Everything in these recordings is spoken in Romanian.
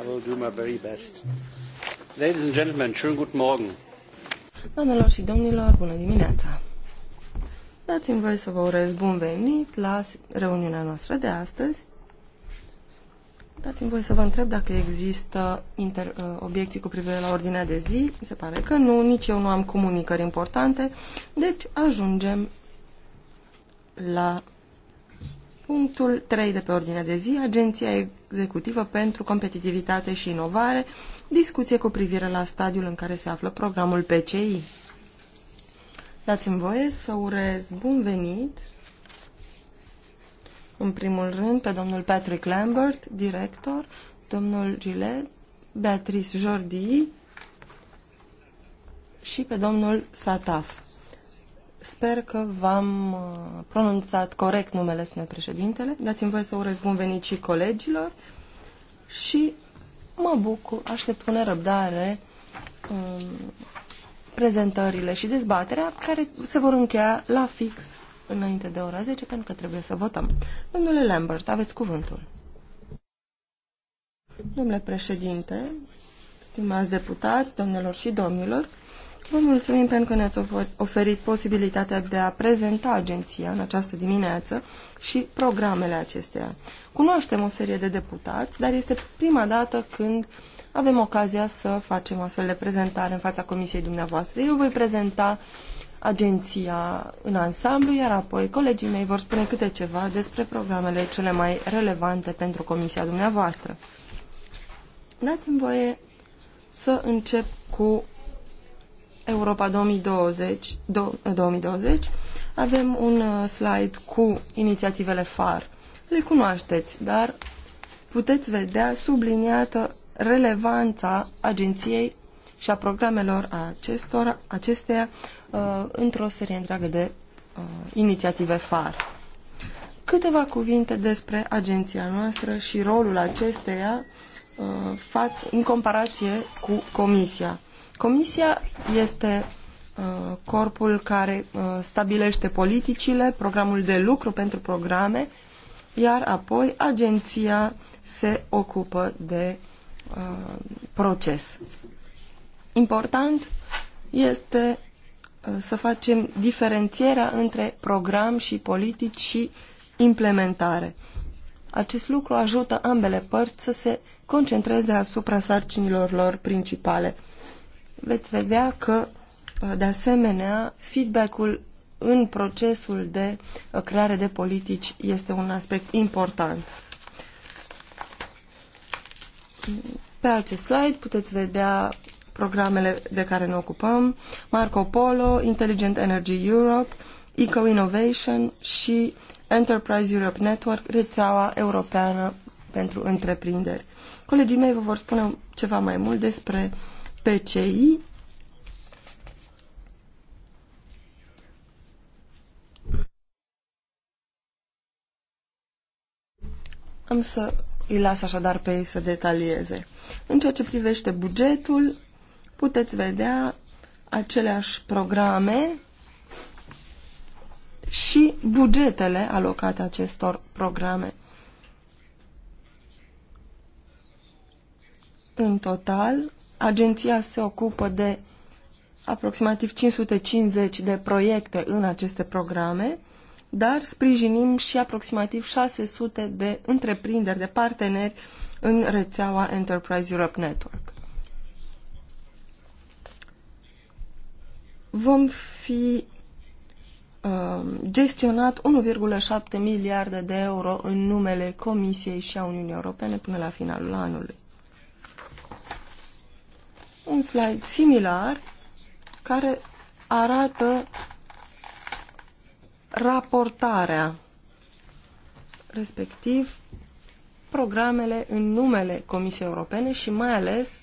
I will do my very best. Ladies and gentlemen, schönen guten Morgen. Doamnelor și domnilor, bună dimineața. Dați-mi voie să vă urez bun venit la reuniunea noastră de astăzi. Dați-mi voie să vă întreb dacă există inter, uh, obiecții cu privire la ordinea de zi. Mi Se pare că nu, nici eu nu am comunicări importante. Deci ajungem la Punctul 3 de pe ordinea de zi, Agenția Executivă pentru Competitivitate și Inovare, discuție cu privire la stadiul în care se află programul PCI. Dați-mi voie să urez bun venit, în primul rând, pe domnul Patrick Lambert, director, domnul Gillet, Beatrice Jordi și pe domnul Sataf. Sper că v-am uh, pronunțat corect numele, spune președintele. Dați-mi voie să urez bun venit și colegilor și mă bucur, aștept cu nerăbdare um, prezentările și dezbaterea care se vor încheia la fix înainte de ora 10 pentru că trebuie să votăm. Domnule Lambert, aveți cuvântul. Domnule președinte, stimați deputați, domnilor și domnilor, Vă mulțumim pentru că ne-ați oferit posibilitatea de a prezenta agenția în această dimineață și programele acesteia. Cunoaștem o serie de deputați, dar este prima dată când avem ocazia să facem astfel de prezentare în fața comisiei dumneavoastră. Eu voi prezenta agenția în ansamblu, iar apoi colegii mei vor spune câte ceva despre programele cele mai relevante pentru comisia dumneavoastră. Dați-mi voie să încep cu Europa 2020, 2020 eh, avem un eh, slide cu inițiativele FAR. Le cunoașteți, dar puteți vedea subliniată relevanța agenției și a programelor acestor, acesteia uh, într-o serie întreagă de uh, inițiative FAR. Câteva cuvinte despre agenția noastră și rolul acesteia uh, în comparație cu Comisia. Comisia este uh, corpul care uh, stabilește politicile, programul de lucru pentru programe, iar apoi agenția se ocupă de uh, proces. Important este uh, să facem diferențierea între program și politici și implementare. Acest lucru ajută ambele părți să se concentreze asupra sarcinilor lor principale veți vedea că, uh, de asemenea, feedback-ul în procesul de uh, creare de politici este un aspect important. Pe acest slide puteți vedea programele de care ne ocupăm, Marco Polo, Intelligent Energy Europe, Eco Innovation și Enterprise Europe Network, rețeaua europeană pentru întreprinderi. Colegii mei vă vor spune ceva mai mult despre uh, PCI Am să îi las așadar pe ei să detalieze. În ceea ce privește bugetul, puteți vedea aceleași programe și bugetele alocate acestor programe. În total, Agenția se ocupă de aproximativ 550 de proiecte în aceste programe, dar sprijinim și aproximativ 600 de întreprinderi, de parteneri în rețeaua Enterprise Europe Network. Vom fi uh, gestionat 1,7 miliarde de euro în numele Comisiei și a Uniunii Europene până la finalul anului un slide similar care arată raportarea, respectiv programele în numele Comisiei Europene și mai ales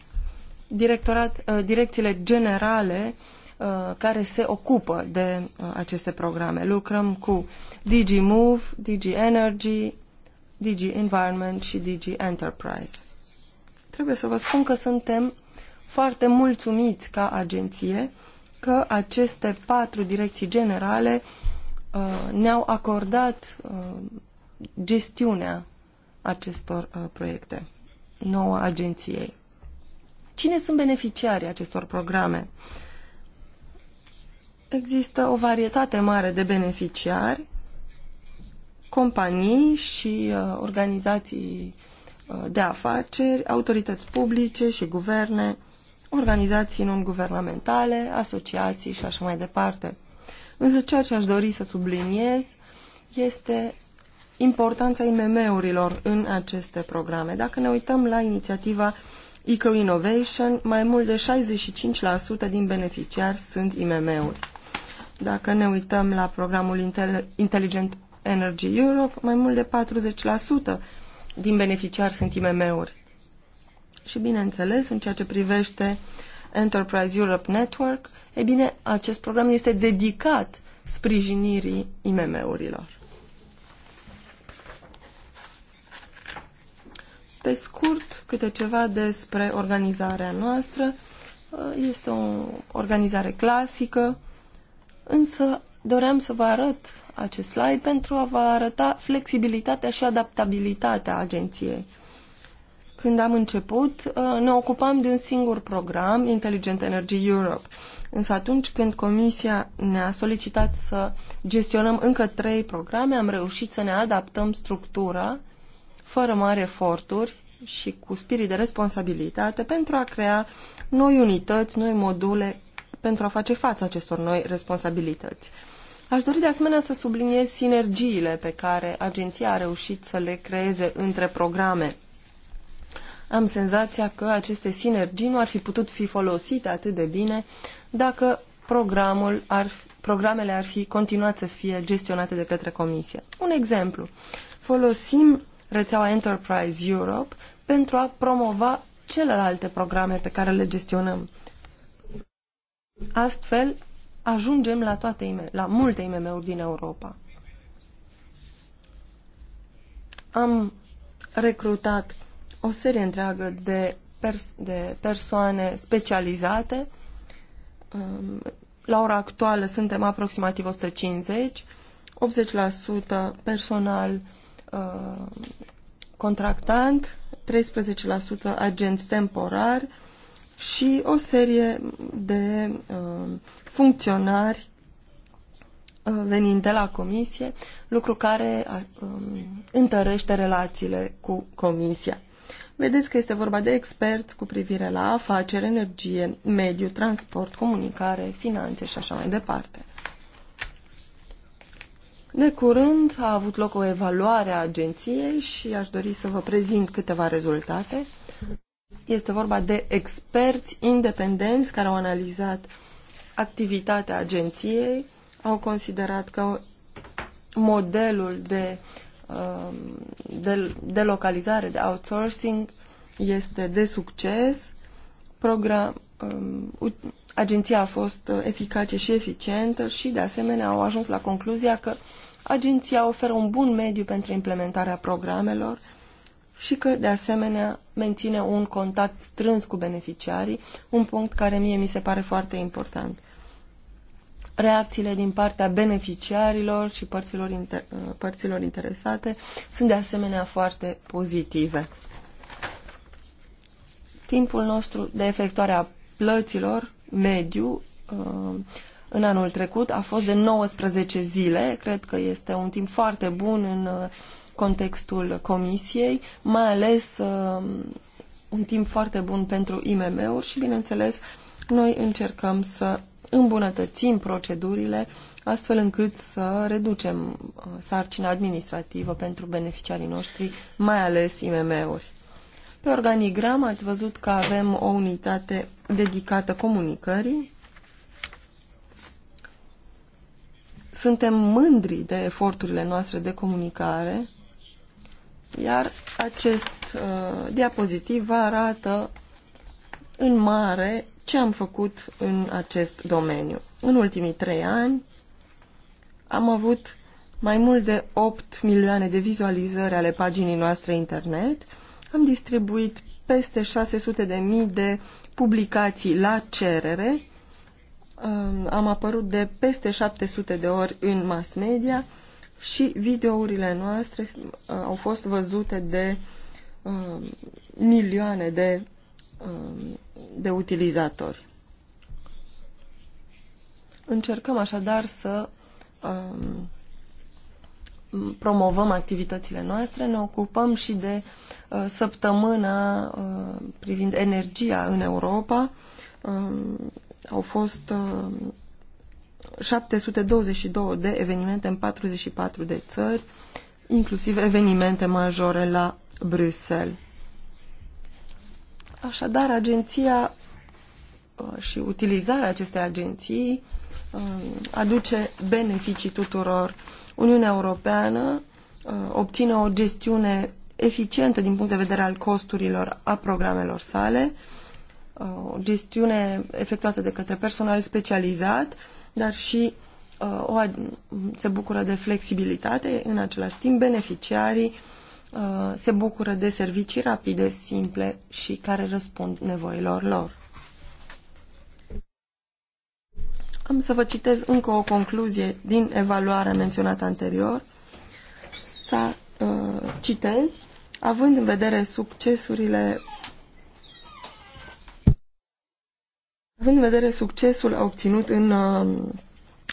directorat, uh, direcțiile generale uh, care se ocupă de uh, aceste programe. Lucrăm cu DG Move, DG Energy, DG Environment și DG Enterprise. Trebuie să vă spun că suntem foarte mulțumiți ca agenție că aceste patru direcții generale uh, ne-au acordat uh, gestiunea acestor uh, proiecte nouă agenției. Cine sunt beneficiarii acestor programe? Există o varietate mare de beneficiari, companii și uh, organizații uh, de afaceri, autorități publice și guverne, organizații non-guvernamentale, asociații și așa mai departe. Însă ceea ce aș dori să subliniez este importanța IMM-urilor în aceste programe. Dacă ne uităm la inițiativa Eco Innovation, mai mult de 65% din beneficiari sunt IMM-uri. Dacă ne uităm la programul Intelligent Energy Europe, mai mult de 40% din beneficiari sunt IMM-uri și, bineînțeles, în ceea ce privește Enterprise Europe Network, e bine, acest program este dedicat sprijinirii IMM-urilor. Pe scurt, câte ceva despre organizarea noastră. Este o organizare clasică, însă doream să vă arăt acest slide pentru a vă arăta flexibilitatea și adaptabilitatea agenției. Când am început, uh, ne ocupam de un singur program, Intelligent Energy Europe. Însă atunci când Comisia ne-a solicitat să gestionăm încă trei programe, am reușit să ne adaptăm structura fără mari eforturi și cu spirit de responsabilitate pentru a crea noi unități, noi module pentru a face față acestor noi responsabilități. Aș dori de asemenea să subliniez sinergiile pe care agenția a reușit să le creeze între programe am senzația că aceste sinergii nu ar fi putut fi folosite atât de bine dacă programul ar, programele ar fi continuat să fie gestionate de către Comisie. Un exemplu. Folosim rețeaua Enterprise Europe pentru a promova celelalte programe pe care le gestionăm. Astfel, ajungem la, toate IME, la multe IMM-uri din Europa. Am recrutat o serie întreagă de, pers- de persoane specializate. Um, la ora actuală suntem aproximativ 150, 80% personal uh, contractant, 13% agenți temporari și o serie de uh, funcționari uh, venind de la comisie, lucru care uh, um, întărește relațiile cu comisia. Vedeți că este vorba de experți cu privire la afaceri, energie, mediu, transport, comunicare, finanțe și așa mai departe. De curând a avut loc o evaluare a agenției și aș dori să vă prezint câteva rezultate. Este vorba de experți independenți care au analizat activitatea agenției, au considerat că modelul de Um, de, de localizare, de outsourcing, este de succes. Program, um, agenția a fost uh, eficace și eficientă și, de asemenea, au ajuns la concluzia că agenția oferă un bun mediu pentru implementarea programelor și că, de asemenea, menține un contact strâns cu beneficiarii, un punct care mie mi se pare foarte important reacțiile din partea beneficiarilor și părților, inter uh, părților interesate sunt de asemenea foarte pozitive. Timpul nostru de efectuare a plăților mediu uh, în anul trecut a fost de 19 zile. Cred că este un timp foarte bun în uh, contextul comisiei, mai ales un timp foarte bun pentru IMM-uri și, bineînțeles, noi încercăm să îmbunătățim procedurile astfel încât să reducem uh, sarcina administrativă pentru beneficiarii noștri, mai ales IMM-uri. Pe organigram ați văzut că avem o unitate dedicată comunicării. Suntem mândri de eforturile noastre de comunicare, iar acest uh, diapozitiv arată în mare ce am făcut în acest domeniu. În ultimii trei ani am avut mai mult de 8 milioane de vizualizări ale paginii noastre internet, am distribuit peste 600 de mii de publicații la cerere, am apărut de peste 700 de ori în mass media și videourile noastre uh, au fost văzute de uh, milioane de de utilizatori. Încercăm așadar să um, promovăm activitățile noastre, ne ocupăm și de uh, săptămâna uh, privind energia în Europa. Um, au fost 722 uh, de evenimente în 44 de țări, inclusiv evenimente majore la Bruxelles. Așadar, agenția uh, și utilizarea acestei agenții um, aduce beneficii tuturor. Uniunea Europeană uh, obține o gestiune eficientă din punct de vedere al costurilor a programelor sale, uh, o gestiune efectuată de către personal specializat, dar și o, se bucură de flexibilitate, în același timp beneficiarii Uh, se bucură de servicii rapide, simple și care răspund nevoilor lor. Am să vă citez încă o concluzie din evaluarea menționată anterior. Să uh, citez, având în vedere succesurile având în vedere succesul obținut în uh,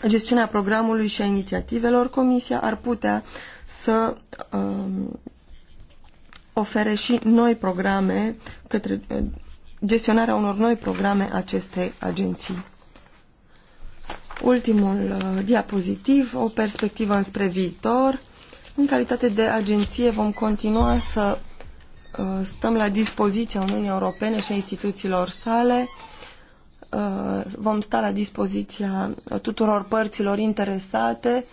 gestiunea programului și a inițiativelor, Comisia ar putea să uh, ofere și noi programe către gestionarea unor noi programe acestei agenții. Ultimul uh, diapozitiv, o perspectivă înspre viitor. În calitate de agenție vom continua să uh, stăm la dispoziția Uniunii Europene și a instituțiilor sale. Uh, vom sta la dispoziția tuturor părților interesate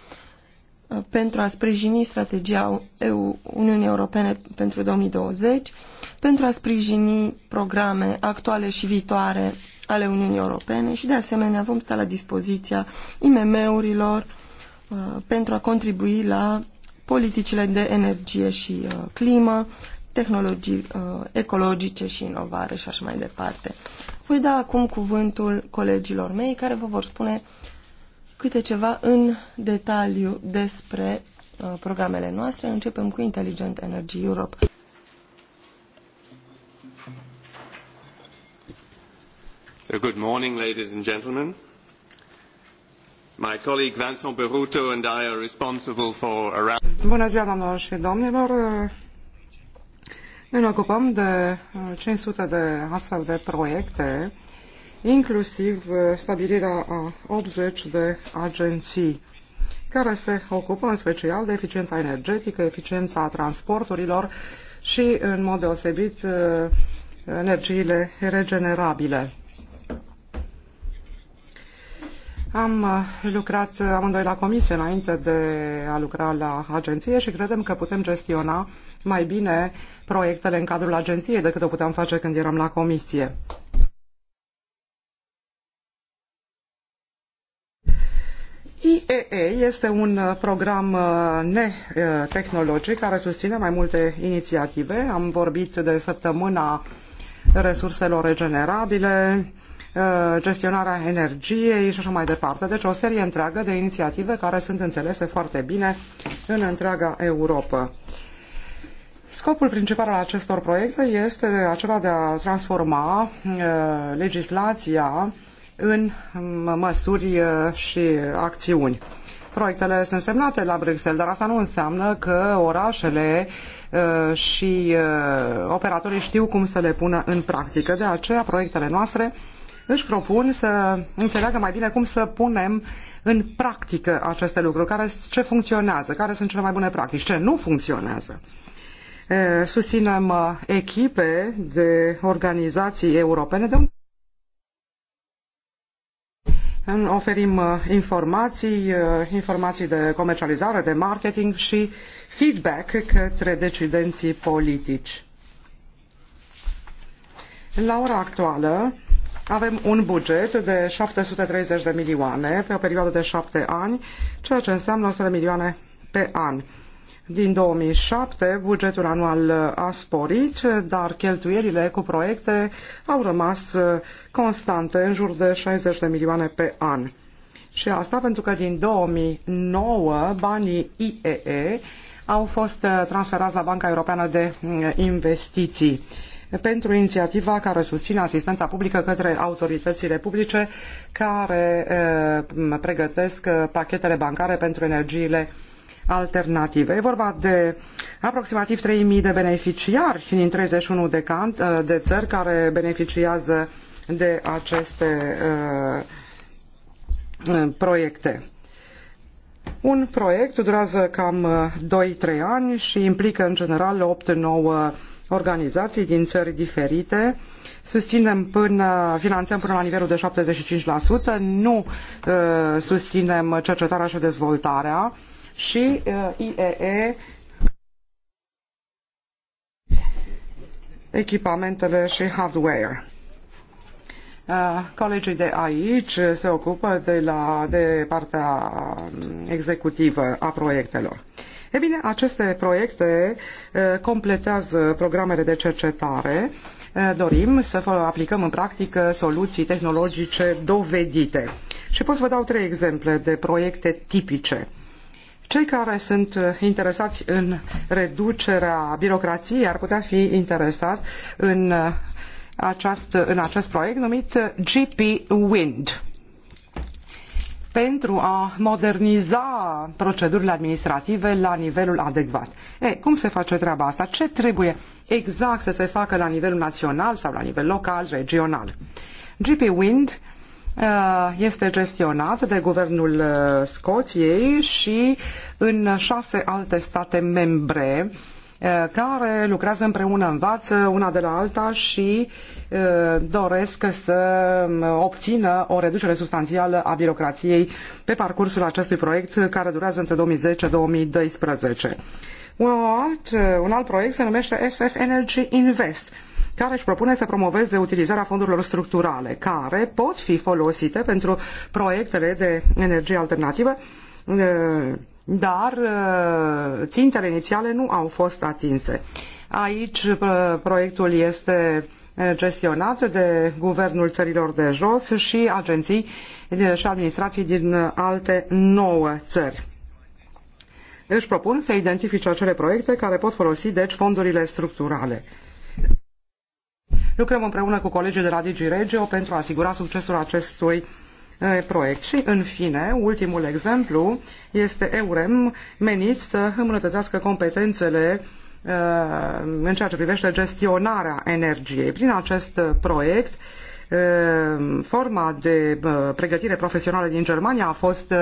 pentru a sprijini strategia Uniunii Europene pentru 2020, pentru a sprijini programe actuale și viitoare ale Uniunii Europene și de asemenea vom sta la dispoziția IMM-urilor uh, pentru a contribui la politicile de energie și uh, climă, tehnologii uh, ecologice și inovare și așa mai departe. Voi da acum cuvântul colegilor mei care vă vor spune câte ceva în detaliu despre uh, programele noastre. Începem cu Intelligent Energy Europe. So good morning, ladies and gentlemen. My colleague Vincent Beruto and I are responsible for around... Bună ziua, doamnelor și domnilor! Noi ne ocupăm de 500 uh, de astfel de proiecte inclusiv uh, stabilirea a 80 de agenții care se ocupă în special de eficiența energetică, eficiența transporturilor și, în mod deosebit, uh, energiile regenerabile. Am uh, lucrat amândoi la comisie înainte de a lucra la agenție și credem că putem gestiona mai bine proiectele în cadrul agenției decât o puteam face când eram la comisie. IEE este un uh, program uh, netehnologic care susține mai multe inițiative. Am vorbit de săptămâna resurselor regenerabile, uh, gestionarea energiei și așa mai departe. Deci o serie întreagă de inițiative care sunt înțelese foarte bine în întreaga Europa. Scopul principal al acestor proiecte este acela de a transforma legislația în măsuri uh, și acțiuni. Proiectele sunt semnate la Bruxelles, dar asta nu înseamnă că orașele uh, și uh, operatorii știu cum să le pună în practică. De aceea, proiectele noastre își propun să înțeleagă mai bine cum să punem în practică aceste lucruri, care, ce funcționează, care sunt cele mai bune practici, ce nu funcționează. Susținem echipe de organizații europene de oferim uh, informații, uh, informații de comercializare, de marketing și feedback către decidenții politici. La ora actuală avem un buget de 730 de milioane pe o perioadă de șapte ani, ceea ce înseamnă 100 milioane pe an. Din 2007, bugetul anual a sporit, dar cheltuielile cu proiecte au rămas constante, în jur de 60 de milioane pe an. Și asta pentru că din 2009 banii IEE au fost transferați la Banca Europeană de mm, Investiții pentru inițiativa care susține asistența publică către autoritățile publice care mm, pregătesc uh, pachetele bancare pentru energiile alternative. E vorba de aproximativ 3.000 de beneficiari din 31 de, can, de țări care beneficiază de aceste uh, uh proiecte. Un proiect durează cam 2-3 uh, ani și implică în general 8-9 organizații din țări diferite. Susținem până, finanțăm până la nivelul de 75%, nu uh, susținem cercetarea și dezvoltarea, uh, și uh, IEE echipamentele și hardware. Uh, colegii de aici se ocupă de, la, de partea um, executivă a proiectelor. E bine, aceste proiecte uh, completează programele de cercetare. Dorim să aplicăm în practică soluții tehnologice dovedite. Și pot să vă dau trei exemple de proiecte tipice cei care sunt uh, interesați în reducerea birocrației ar putea fi interesați în, uh, această, în acest proiect numit uh, GP Wind pentru a moderniza procedurile administrative la nivelul adecvat. E, cum se face treaba asta? Ce trebuie exact să se facă la nivelul național sau la nivel local, regional? GP Wind Uh, este gestionat de guvernul uh, Scoției și în șase alte state membre uh, care lucrează împreună, învață una de la alta și doresc să um, obțină o reducere substanțială a birocrației pe parcursul acestui proiect care durează între 2010-2012. Un alt, un alt proiect se numește SF Energy Invest care își propune să promoveze utilizarea fondurilor structurale, care pot fi folosite pentru proiectele de energie alternativă, eh, dar eh, țintele inițiale nu au fost atinse. Aici eh, proiectul este gestionat de guvernul țărilor de jos și agenții și administrații din alte nouă țări. Își propun să identifice acele proiecte care pot folosi, deci, fondurile structurale. Lucrăm împreună cu colegii de la Regio pentru a asigura succesul acestui proiect. Și, în fine, ultimul exemplu este EUREM, menit să îmbunătățească competențele în ceea ce privește gestionarea energiei. Prin acest proiect, forma de pregătire profesională din Germania a fost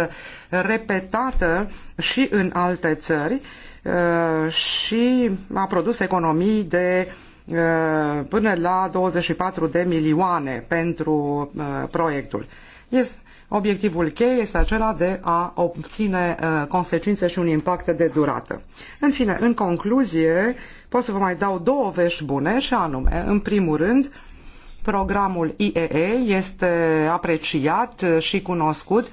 repetată și în alte țări și a produs economii de Uh, până la 24 de milioane pentru uh, proiectul. Este Obiectivul cheie este acela de a obține uh, consecințe și un impact de durată. În fine, în concluzie, pot să vă mai dau două vești bune și anume, în primul rând, Programul IEE este apreciat și cunoscut.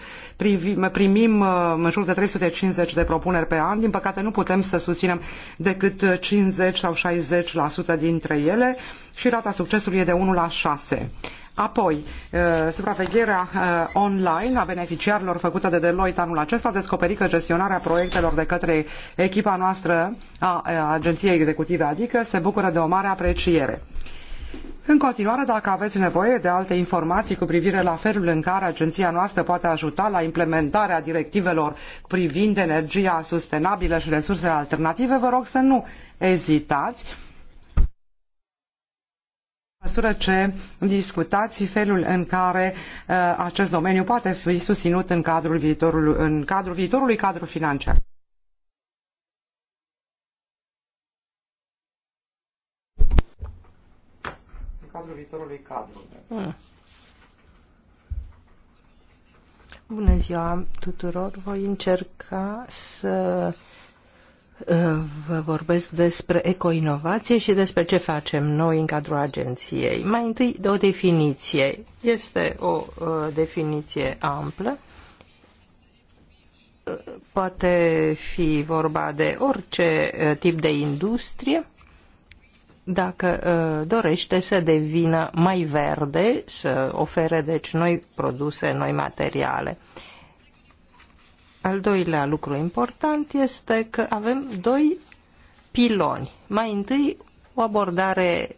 Primim uh, în jur de 350 de propuneri pe an. Din păcate nu putem să susținem decât 50 sau 60% dintre ele și rata succesului e de 1 la 6. Apoi, uh, supravegherea uh, online a beneficiarilor făcută de Deloitte anul acesta a descoperit că gestionarea proiectelor de către echipa noastră a Agenției Executive, adică, se bucură de o mare apreciere. În continuare, dacă aveți nevoie de alte informații cu privire la felul în care agenția noastră poate ajuta la implementarea directivelor privind energia sustenabilă și resursele alternative, vă rog să nu ezitați măsură ce discutați felul în care uh, acest domeniu poate fi susținut în cadrul, viitorului, în cadrul viitorului cadru financiar. cadrul viitorului cadru. Hmm. Bună ziua tuturor! Voi încerca să uh, vă vorbesc despre ecoinovație și despre ce facem noi în cadrul agenției. Mai întâi de o definiție. Este o uh, definiție amplă. Uh, poate fi vorba de orice tip de industrie dacă uh, dorește să devină mai verde, să ofere deci noi produse, noi materiale. Al doilea lucru important este că avem doi piloni. Mai întâi o abordare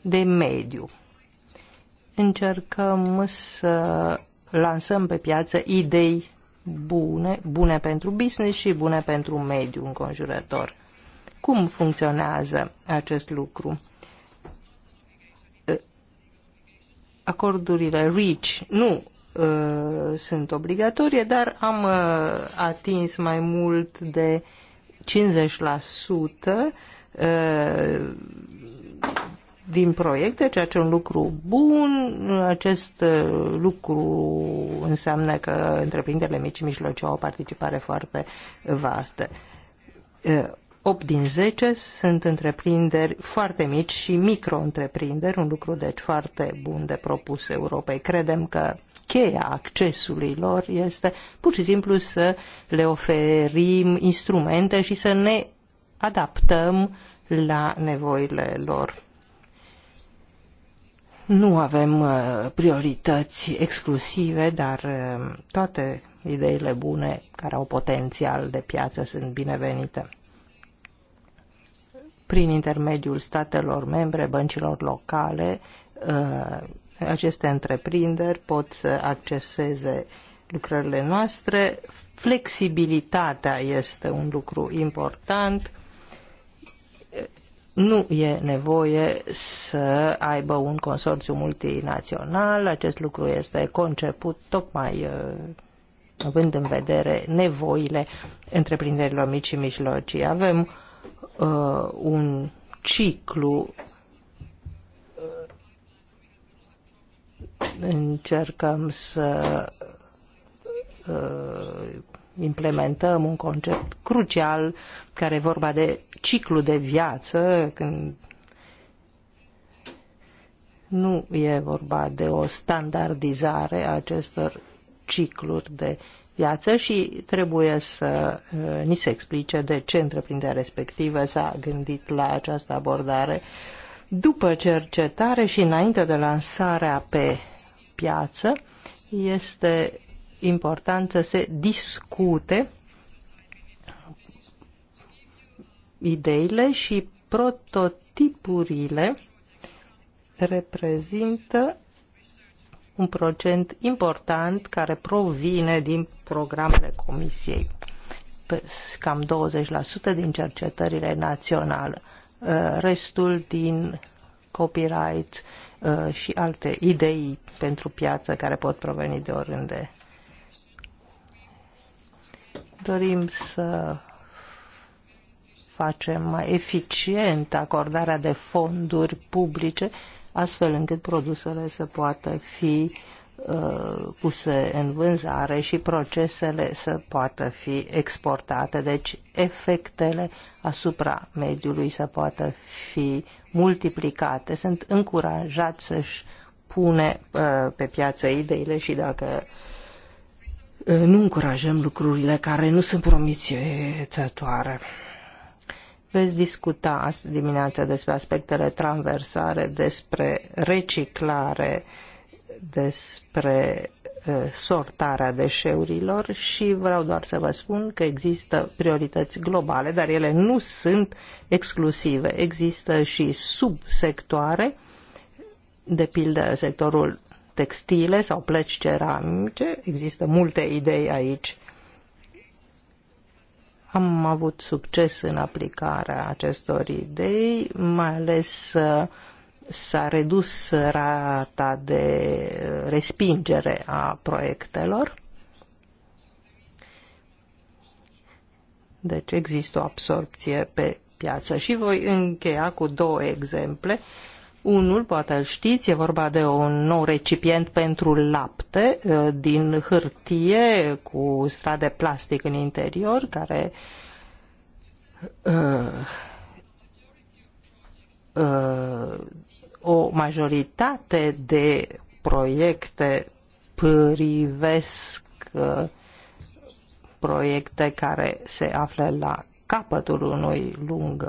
de mediu. Încercăm să lansăm pe piață idei bune, bune pentru business și bune pentru mediul înconjurător cum funcționează acest lucru. Eh, acordurile REACH nu uh, sunt obligatorie, dar am uh, atins mai mult de 50% uh, din proiecte, ceea ce e un lucru bun. Acest lucru înseamnă că întreprinderile mici și mijlocii au o participare foarte vastă. 8 din 10 sunt întreprinderi foarte mici și micro-întreprinderi, un lucru deci foarte bun de propus Europei. Credem că cheia accesului lor este pur și simplu să le oferim instrumente și să ne adaptăm la nevoile lor. Nu avem uh, priorități exclusive, dar uh, toate ideile bune care au potențial de piață sunt binevenite prin intermediul statelor membre, băncilor locale, uh, aceste întreprinderi pot să acceseze lucrările noastre. Flexibilitatea este un lucru important. Nu e nevoie să aibă un consorțiu multinațional. Acest lucru este conceput tocmai uh, având în vedere nevoile întreprinderilor mici și mijlocii. Avem uh, un ciclu uh, încercăm să uh, implementăm un concept crucial care e vorba de ciclu de viață când nu e vorba de o standardizare a acestor cicluri de piață și trebuie să uh, ni se explice de ce întreprinderea respectivă s-a gândit la această abordare. După cercetare și înainte de lansarea pe piață, este important să se discute ideile și prototipurile reprezintă un procent important care provine din programele Comisiei, cam 20% din cercetările naționale, uh, restul din copyright uh, și alte idei pentru piață care pot proveni de oriunde. Dorim să facem mai eficient acordarea de fonduri publice astfel încât produsele să poată fi uh, puse în vânzare și procesele să poată fi exportate. Deci efectele asupra mediului să poată fi multiplicate. Sunt încurajat să-și pune uh, pe piață ideile și dacă uh, nu încurajăm lucrurile care nu sunt promițătoare veți discuta azi dimineața despre aspectele transversare, despre reciclare, despre sortarea deșeurilor și vreau doar să vă spun că există priorități globale, dar ele nu sunt exclusive. Există și subsectoare, de pildă sectorul textile sau plăci ceramice. Există multe idei aici am avut succes în aplicarea acestor idei, mai ales uh, s-a redus rata de uh, respingere a proiectelor. Deci există o absorpție pe piață. Și voi încheia cu două exemple unul, poate îl știți, e vorba de un nou recipient pentru lapte uh, din hârtie cu strat de plastic în interior, care uh, uh, o majoritate de proiecte privesc uh, proiecte care se află la capătul unui lung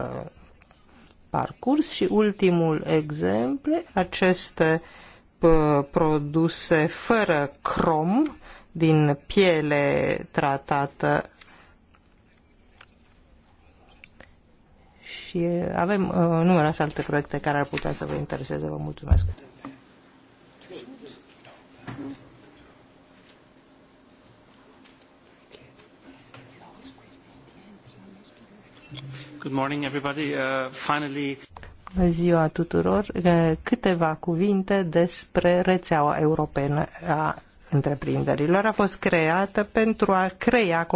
parcurs și ultimul exemplu, aceste produse fără crom din piele tratată și avem uh, numeroase alte proiecte care ar putea să vă intereseze. Vă mulțumesc! Good morning everybody. Uh, finally... Bună ziua tuturor. Câteva cuvinte despre rețeaua europeană a întreprinderilor. A fost creată pentru a crea,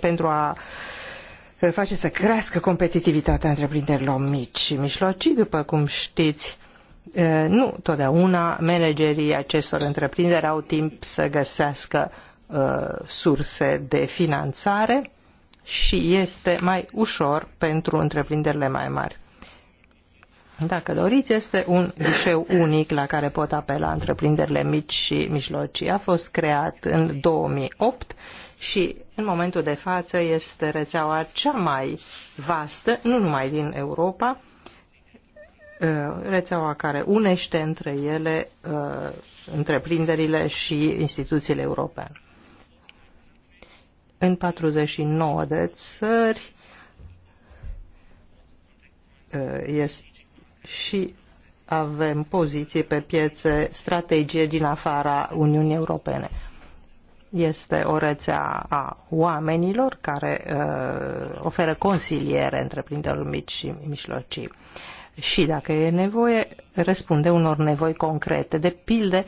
pentru a face să crească competitivitatea întreprinderilor mici și mijlocii, după cum știți. Nu totdeauna managerii acestor întreprinderi au timp să găsească surse de finanțare și este mai ușor pentru întreprinderile mai mari. Dacă doriți, este un ghișeu unic la care pot apela întreprinderile mici și mijlocii. A fost creat în 2008 și în momentul de față este rețeaua cea mai vastă, nu numai din Europa, uh, rețeaua care unește între ele uh, întreprinderile și instituțiile europene în 49 de țări uh, este și avem poziții pe piețe strategie din afara Uniunii Europene. Este o rețea a oamenilor care uh, oferă consiliere întreprinderilor mici și mijlocii. Și dacă e nevoie, răspunde unor nevoi concrete, de pilde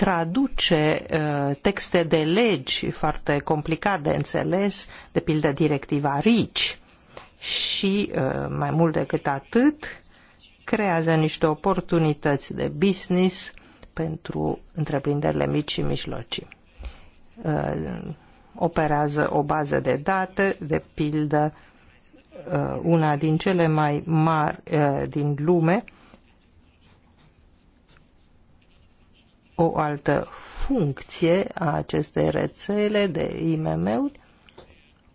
traduce uh, texte de legi foarte complicat de înțeles, de pildă directiva RICI și uh, mai mult decât atât creează niște oportunități de business pentru întreprinderile mici și mijlocii. Uh, operează o bază de date, de pildă una din cele mai mari din lume, o altă funcție a acestei rețele de IMM-uri,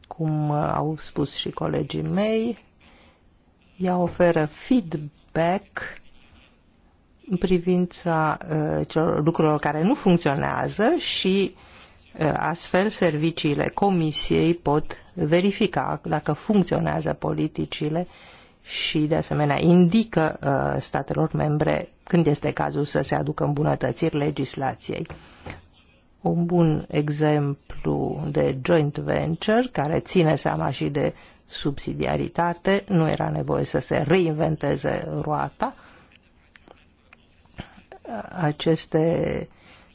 cum au spus și colegii mei, ea oferă feedback în privința uh, celor lucrurilor care nu funcționează și uh, astfel serviciile comisiei pot verifica dacă funcționează politicile și de asemenea indică uh, statelor membre când este cazul să se aducă îmbunătățiri legislației. Un bun exemplu de joint venture care ține seama și de subsidiaritate, nu era nevoie să se reinventeze roata. Aceste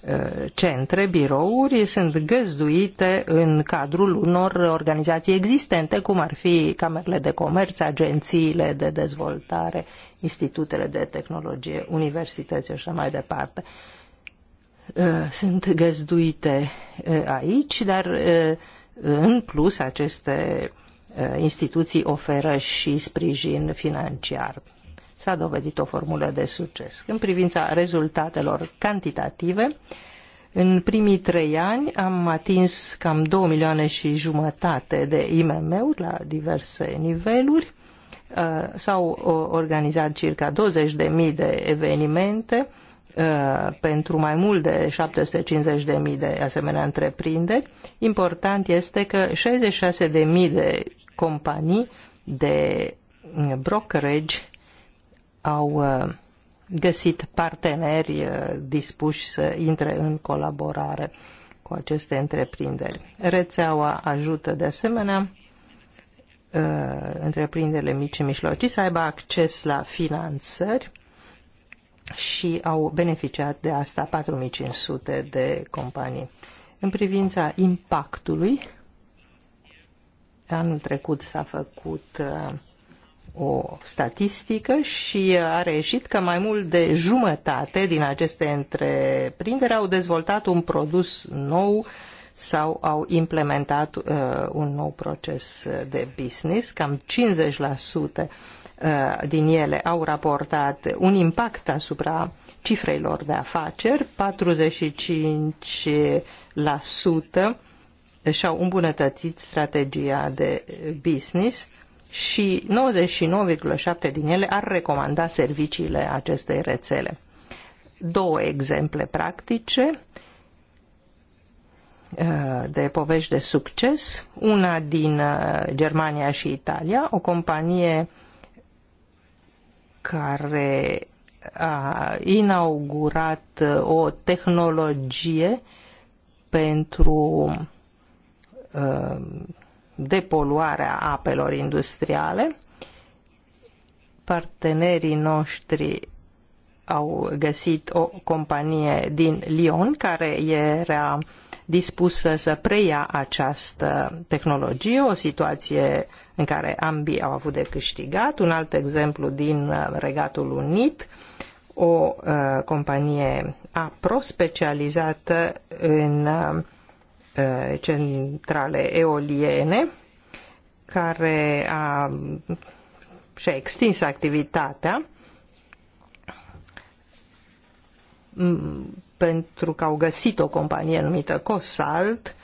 Uh, centre, birouri, sunt găzduite în cadrul unor organizații existente, cum ar fi camerele de comerț, agențiile de dezvoltare, institutele de tehnologie, universități și așa mai departe. Uh, sunt găzduite uh, aici, dar în plus aceste instituții oferă și sprijin financiar s-a dovedit o formulă de succes. În privința rezultatelor cantitative, în primii trei ani am atins cam 2 milioane și jumătate de IMM-uri la diverse niveluri. Uh, s-au uh, organizat circa 20.000 de evenimente uh, pentru mai mult de 750.000 de asemenea întreprinderi. Important este că 66.000 de companii de mm, brokerage au uh, găsit parteneri uh, dispuși să intre în colaborare cu aceste întreprinderi. Rețeaua ajută de asemenea uh, întreprinderile mici și mijlocii să aibă acces la finanțări și au beneficiat de asta 4500 de companii. În privința impactului, anul trecut s-a făcut uh, o statistică și a reșit că mai mult de jumătate din aceste întreprinderi au dezvoltat un produs nou sau au implementat uh, un nou proces de business. Cam 50% uh, din ele au raportat un impact asupra cifrelor de afaceri, 45% și-au îmbunătățit strategia de business și 99,7 din ele ar recomanda serviciile acestei rețele. Două exemple practice uh, de povești de succes, una din uh, Germania și Italia, o companie care a inaugurat uh, o tehnologie pentru depoluarea apelor industriale. Partenerii noștri au găsit o companie din Lyon care era dispusă să preia această tehnologie, o situație în care ambii au avut de câștigat. Un alt exemplu din uh, Regatul Unit, o uh, companie apro specializată în uh, Uh, centrale eoliene care a, și-a extins activitatea mm, pentru că au găsit o companie numită Cosalt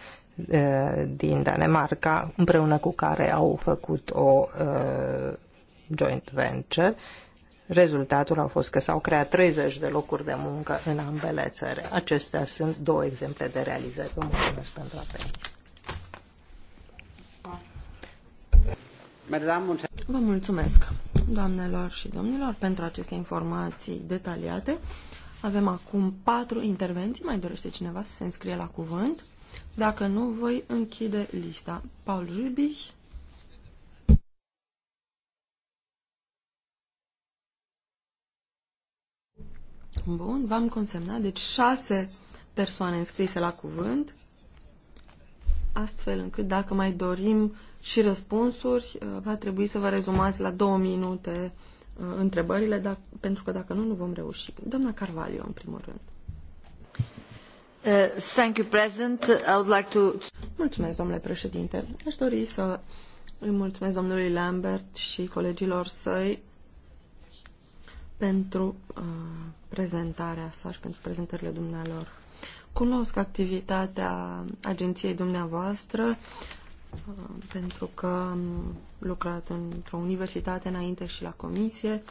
uh, din Danemarca, împreună cu care au făcut o uh, joint venture Rezultatul a fost că s-au creat 30 de locuri de muncă în ambele țări. Acestea sunt două exemple de realizări. Vă mulțumesc pentru atenție. Vă mulțumesc, doamnelor și domnilor, pentru aceste informații detaliate. Avem acum patru intervenții. Mai dorește cineva să se înscrie la cuvânt? Dacă nu, voi închide lista. Paul Rubich, Bun, v-am consemnat, deci șase persoane înscrise la cuvânt, astfel încât dacă mai dorim și răspunsuri, uh, va trebui să vă rezumați la două minute uh, întrebările, dar, pentru că dacă nu, nu vom reuși. Doamna Carvalho, în primul rând. Uh, thank you, President. I would like to... Mulțumesc, domnule președinte. Aș dori să îi mulțumesc domnului Lambert și colegilor săi pentru uh, prezentarea sa și pentru prezentările dumnealor. Cunosc activitatea agenției dumneavoastră uh, pentru că am lucrat într-o universitate înainte și la comisie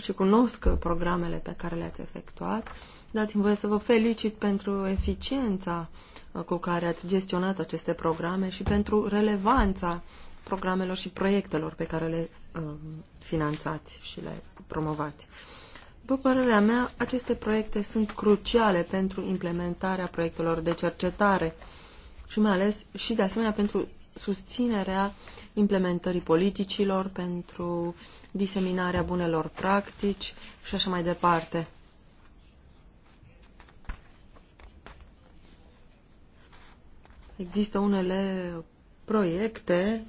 și cunosc programele pe care le-ați efectuat. Dați-mi voie să vă felicit pentru eficiența uh, cu care ați gestionat aceste programe și pentru relevanța uh, programelor și proiectelor pe care le uh, finanțați și le promovați. După părerea mea, aceste proiecte sunt cruciale pentru implementarea proiectelor de cercetare și mai ales și de asemenea pentru susținerea implementării politicilor, pentru diseminarea bunelor practici și așa mai departe. Există unele proiecte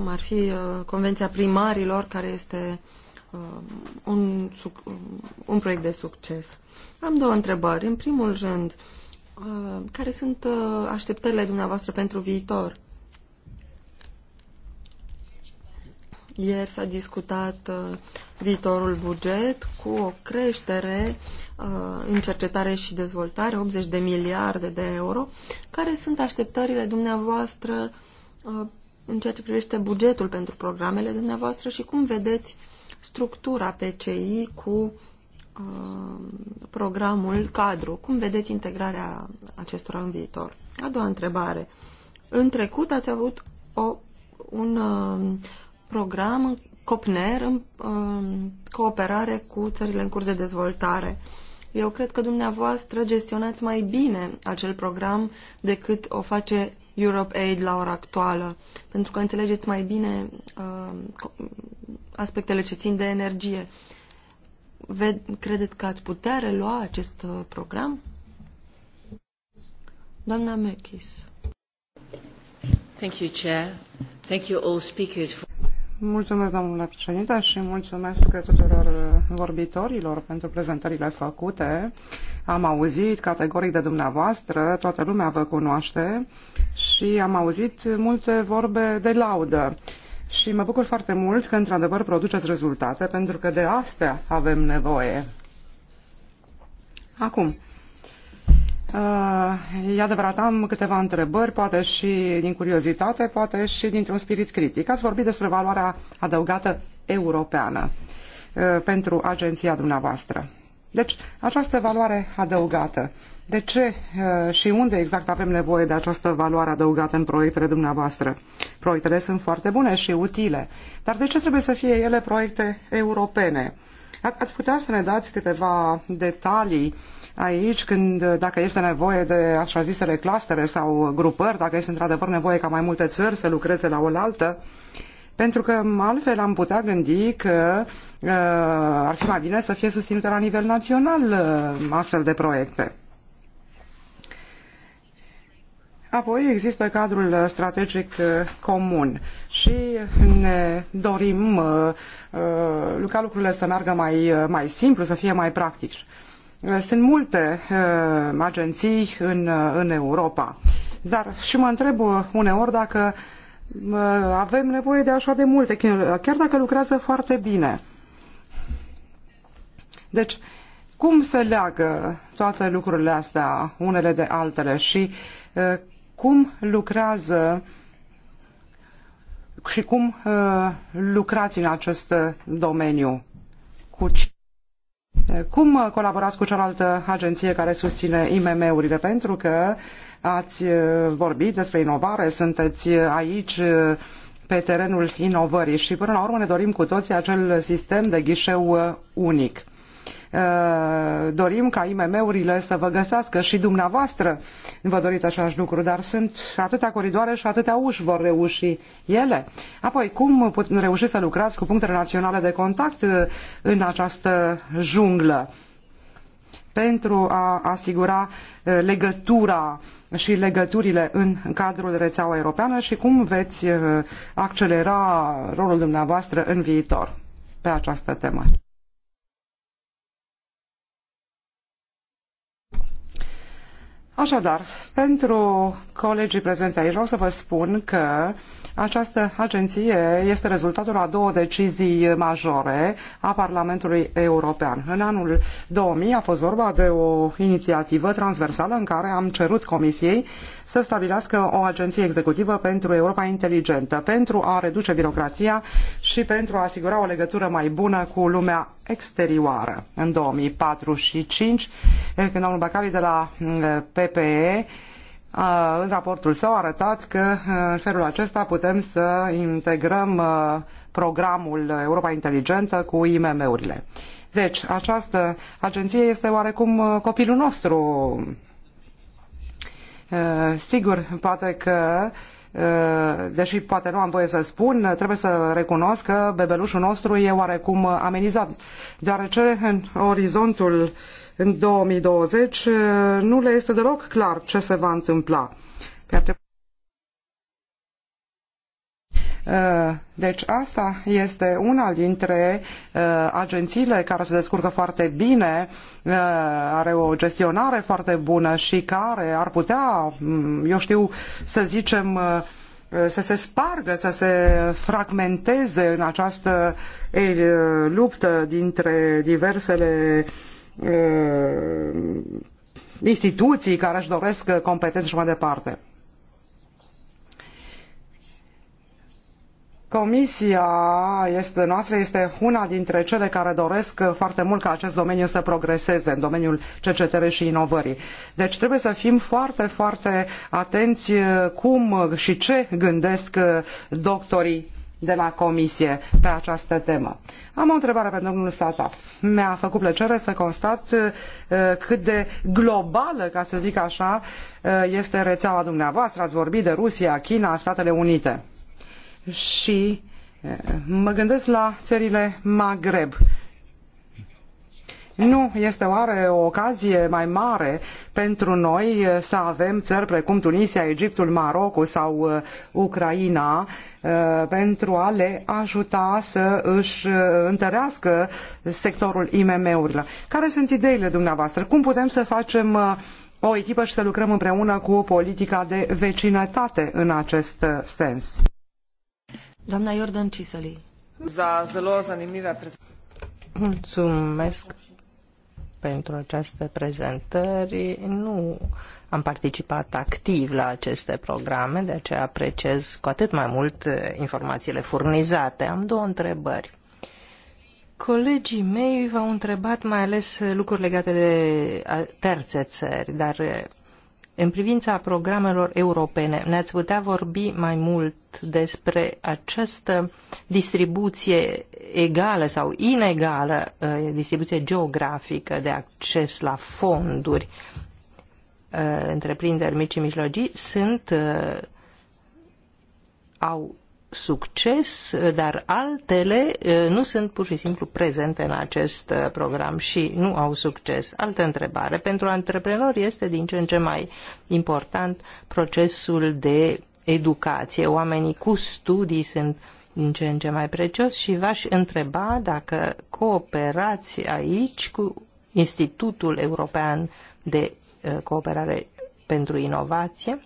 cum ar fi uh, Convenția Primarilor, care este uh, un, uh, un proiect de succes. Am două întrebări. În primul rând, care sunt așteptările dumneavoastră pentru viitor? Ieri s-a discutat viitorul buget cu o creștere în cercetare și dezvoltare, 80 de miliarde de euro. Care sunt așteptările dumneavoastră în ceea ce privește bugetul pentru programele dumneavoastră și cum vedeți structura PCI cu uh, programul cadru. Cum vedeți integrarea acestora în viitor? A doua întrebare. În trecut ați avut o, un uh, program COPNER în uh, cooperare cu țările în curs de dezvoltare. Eu cred că dumneavoastră gestionați mai bine acel program decât o face Europe Aid la ora actuală, pentru că înțelegeți mai bine uh, aspectele ce țin de energie. Ved, credeți că ați putea relua acest uh, program? Doamna Mekis. Thank you, Chair. Thank you all speakers for... Mulțumesc, domnule președinte, și mulțumesc tuturor vorbitorilor pentru prezentările făcute. Am auzit categoric de dumneavoastră, toată lumea vă cunoaște și am auzit multe vorbe de laudă. Și mă bucur foarte mult că, într-adevăr, produceți rezultate, pentru că de astea avem nevoie. Acum, Uh, e adevărat, am câteva întrebări, poate și din curiozitate, poate și dintr-un spirit critic. Ați vorbit despre valoarea adăugată europeană uh, pentru agenția dumneavoastră. Deci, această valoare adăugată, de ce uh, și unde exact avem nevoie de această valoare adăugată în proiectele dumneavoastră? Proiectele sunt foarte bune și utile, dar de ce trebuie să fie ele proiecte europene? Ați putea să ne dați câteva detalii aici, când, dacă este nevoie de așa zisele clustere sau grupări, dacă este într-adevăr nevoie ca mai multe țări să lucreze la oaltă, pentru că altfel am putea gândi că uh, ar fi mai bine să fie susținute la nivel național uh, astfel de proiecte. Apoi există cadrul strategic uh, comun și ne dorim uh, uh, ca lucrurile să meargă mai, mai simplu, să fie mai practic. Sunt multe agenții în, în Europa, dar și mă întreb uneori dacă avem nevoie de așa de multe, chiar dacă lucrează foarte bine. Deci, cum se leagă toate lucrurile astea unele de altele și cum lucrează și cum uh, lucrați în acest domeniu? Cu ce? Cum uh, colaborați cu cealaltă agenție care susține IMM-urile? Pentru că ați uh, vorbit despre inovare, sunteți uh, aici pe terenul inovării și până la urmă ne dorim cu toții acel sistem de ghișeu unic. Uh, dorim ca IMM-urile să vă găsească și dumneavoastră vă doriți același lucru, dar sunt atâtea coridoare și atâtea uși vor reuși ele. Apoi, cum reuși să lucrați cu punctele naționale de contact uh, în această junglă? pentru a asigura uh, legătura și legăturile în cadrul rețeaua europeană și cum veți accelera rolul dumneavoastră în viitor pe această temă. Așadar, pentru colegii prezenți aici vreau să vă spun că această agenție este rezultatul a două decizii majore a Parlamentului European. În anul 2000 a fost vorba de o inițiativă transversală în care am cerut Comisiei să stabilească o agenție executivă pentru Europa inteligentă, pentru a reduce birocrația și pentru a asigura o legătură mai bună cu lumea exterioară. În 2004 și 2005, eh, când domnul Bacali de la eh, PPE în raportul său a arătat că eh, în felul acesta putem să integrăm programul Europa Inteligentă cu IMM-urile. Deci, această agenție este oarecum copilul nostru. Sigur, poate că uh, Eh, deși poate nu am voie să spun, trebuie să recunosc că bebelușul nostru e oarecum amenizat, deoarece în orizontul în 2020 eh, nu le este deloc clar ce se va întâmpla. Uh, deci asta este una dintre uh, agențiile care se descurcă foarte bine, uh, are o gestionare foarte bună și care ar putea, mm, eu știu, să zicem, să se spargă, să se fragmenteze în această luptă dintre diversele instituții care își doresc competențe și mai departe. Comisia este, noastră este una dintre cele care doresc foarte mult ca acest domeniu să progreseze în domeniul cercetării și inovării. Deci trebuie să fim foarte, foarte atenți uh, cum și ce gândesc uh, doctorii de la Comisie pe această temă. Am o întrebare pentru domnul Sataf. Mi-a făcut plăcere să constat uh, cât de globală, ca să zic așa, este rețeaua dumneavoastră. Ați vorbit de Rusia, China, Statele Unite și eh, mă gândesc la țările Maghreb. Nu este oare o ocazie mai mare pentru noi eh, să avem țări precum Tunisia, Egiptul, Marocul sau eh, Ucraina pentru a le ajuta să își întărească sectorul IMM-urilor? Care sunt ideile dumneavoastră? Cum putem să facem o echipă și să lucrăm împreună cu politica de vecinătate în acest sens? Doamna Jordan Cisăli. Za zelo zanimive Mulțumesc pentru aceste prezentări. Nu am participat activ la aceste programe, de aceea apreciez cu atât mai mult informațiile furnizate. Am două întrebări. Colegii mei v-au întrebat mai ales lucruri legate de terțe țări, dar în privința programelor europene, ne-ați putea vorbi mai mult despre această distribuție egală sau inegală, eh, distribuție geografică de acces la fonduri. Eh, întreprinderi mici și mijlocii sunt eh, au succes, dar altele eh, nu sunt pur și simplu prezente în acest eh, program și nu au succes. Altă întrebare. Pentru antreprenori este din ce în ce mai important procesul de educație. Oamenii cu studii sunt din ce în ce mai precios și v-aș întreba dacă cooperați aici cu Institutul European de eh, Cooperare pentru Inovație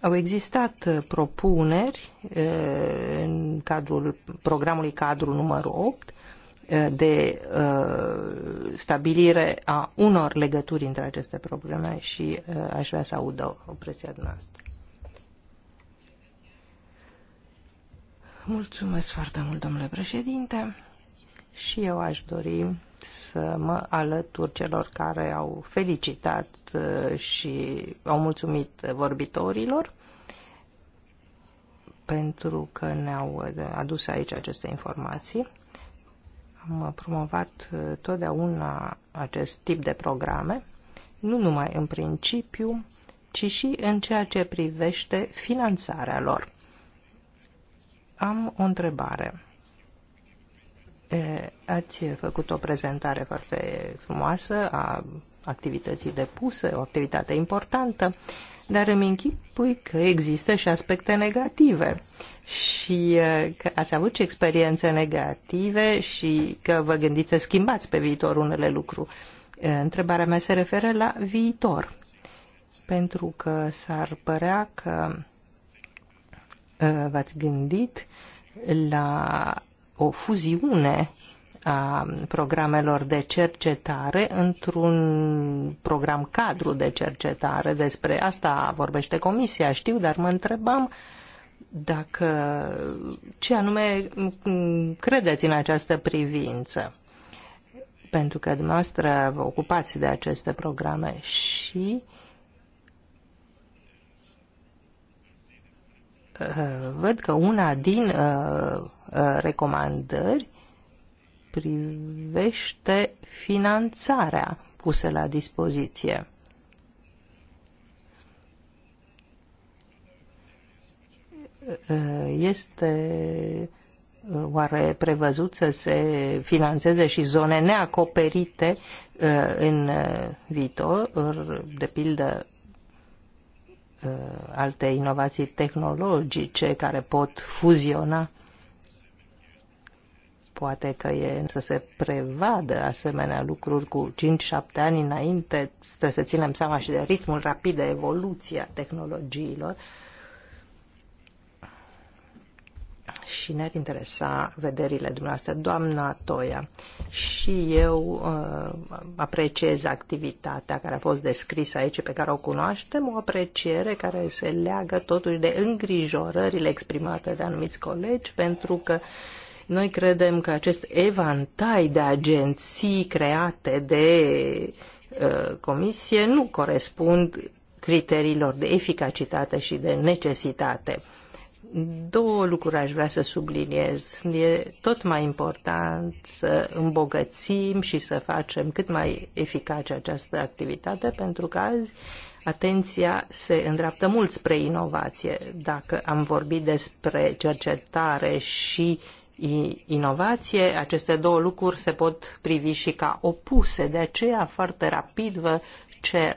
au existat uh, propuneri uh, în cadrul programului cadru numărul uh, 8 de stabilire a unor legături între aceste probleme și aș vrea să o presia noastră. Mulțumesc foarte mult, domnule președinte, și eu aș dori să mă alătur celor care au felicitat uh, și au mulțumit vorbitorilor pentru că ne-au adus aici aceste informații. Am promovat uh, totdeauna acest tip de programe, nu numai în principiu, ci și în ceea ce privește finanțarea lor. Am o întrebare Ați făcut o prezentare foarte frumoasă a activității depuse, o activitate importantă, dar îmi închipui că există și aspecte negative și că ați avut și experiențe negative și că vă gândiți să schimbați pe viitor unele lucruri. Întrebarea mea se referă la viitor, pentru că s-ar părea că v-ați gândit la o fuziune a programelor de cercetare într-un program cadru de cercetare. Despre asta vorbește Comisia, știu, dar mă întrebam dacă ce anume credeți în această privință. Pentru că dumneavoastră vă ocupați de aceste programe și uh, Eh, văd că una din eh, eh, recomandări privește finanțarea pusă la dispoziție. Este oare prevăzut să se finanțeze și zone neacoperite în viitor, de pildă Uh, alte inovații tehnologice care pot fuziona. Poate că e să se prevadă asemenea lucruri cu 5-7 ani înainte, trebuie să ținem seama și de ritmul rapid de evoluție a tehnologiilor și ne-ar interesa vederile dumneavoastră. Doamna Toia, și eu uh, apreciez activitatea care a fost descrisă aici, pe care o cunoaștem, o apreciere care se leagă totuși de îngrijorările exprimate de anumiți colegi, pentru că noi credem că acest evantai de agenții create de uh, comisie nu corespund criteriilor de eficacitate și de necesitate Două lucruri aș vrea să subliniez. E tot mai important să îmbogățim și să facem cât mai eficace această activitate, pentru că azi atenția se îndreaptă mult spre inovație. Dacă am vorbit despre cercetare și inovație, aceste două lucruri se pot privi și ca opuse. De aceea, foarte rapid vă cer,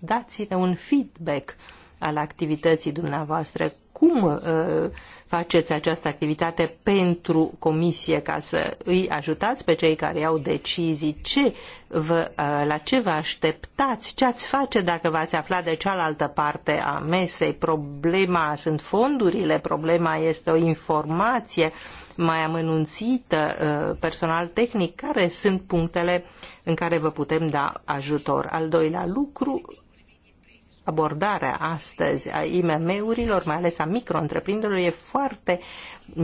dați-ne un feedback al activității dumneavoastră cum uh, faceți această activitate pentru comisie ca să îi ajutați pe cei care iau decizii? Ce vă, uh, la ce vă așteptați? Ce ați face dacă v-ați aflat de cealaltă parte a mesei? Problema sunt fondurile, problema este o informație mai amănunțită, uh, personal tehnic, care sunt punctele în care vă putem da ajutor. Al doilea lucru, abordarea astăzi a IMM-urilor, mai ales a micro-întreprinderilor, e foarte,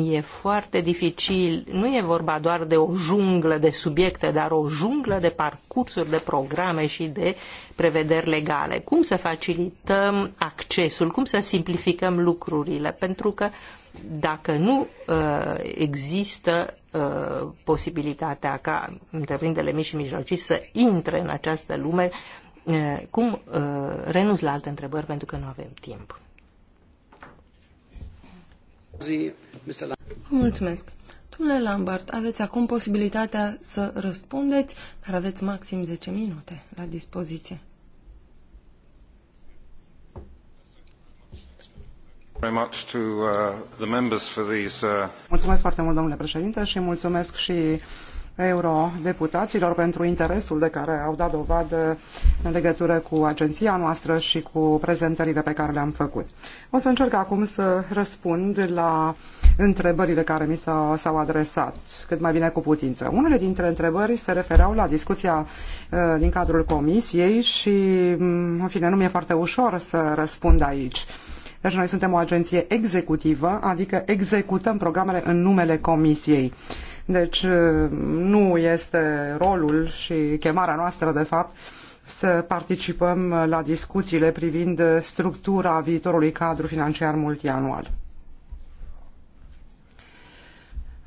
e foarte dificil. Nu e vorba doar de o junglă de subiecte, dar o junglă de parcursuri, de programe și de prevederi legale. Cum să facilităm accesul, cum să simplificăm lucrurile, pentru că dacă nu uh, există uh, posibilitatea ca întreprinderile mici și mijlocii să intre în această lume, cum renunț la alte întrebări pentru că nu avem timp. Mulțumesc. Domnule Lambert, aveți acum posibilitatea să răspundeți, dar aveți maxim 10 minute la dispoziție. Uh, uh, mulțumesc foarte mult, domnule președinte, și mulțumesc și eurodeputaților pentru interesul de care au dat dovadă în legătură cu agenția noastră și cu prezentările pe care le-am făcut. O să încerc acum să răspund la întrebările care mi s-au, adresat, cât mai bine cu putință. Unele dintre întrebări se refereau la discuția uh, din cadrul comisiei și, mm, în fine, nu mi-e foarte ușor să răspund aici. Deci noi suntem o agenție executivă, adică executăm programele în numele comisiei. Uh, deci uh, nu este rolul și chemarea noastră, de fapt, să participăm la discuțiile privind structura viitorului cadru financiar multianual.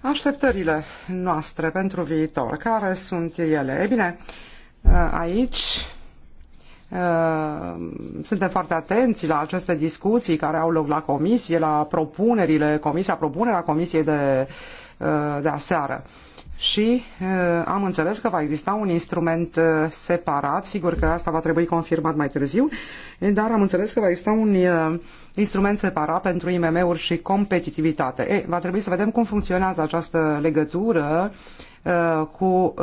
Așteptările noastre pentru viitor, care sunt ele? E bine, uh, aici uh, suntem foarte atenți la aceste discuții care au loc la comisie, la propunerile, comisia, propunerea comisiei de Uh, de aseară. Și uh, am înțeles că va exista un instrument uh, separat, sigur că asta va trebui confirmat mai târziu, dar am înțeles că va exista un instrument separat pentru IMM-uri și competitivitate. E, va trebui să vedem cum funcționează această legătură cu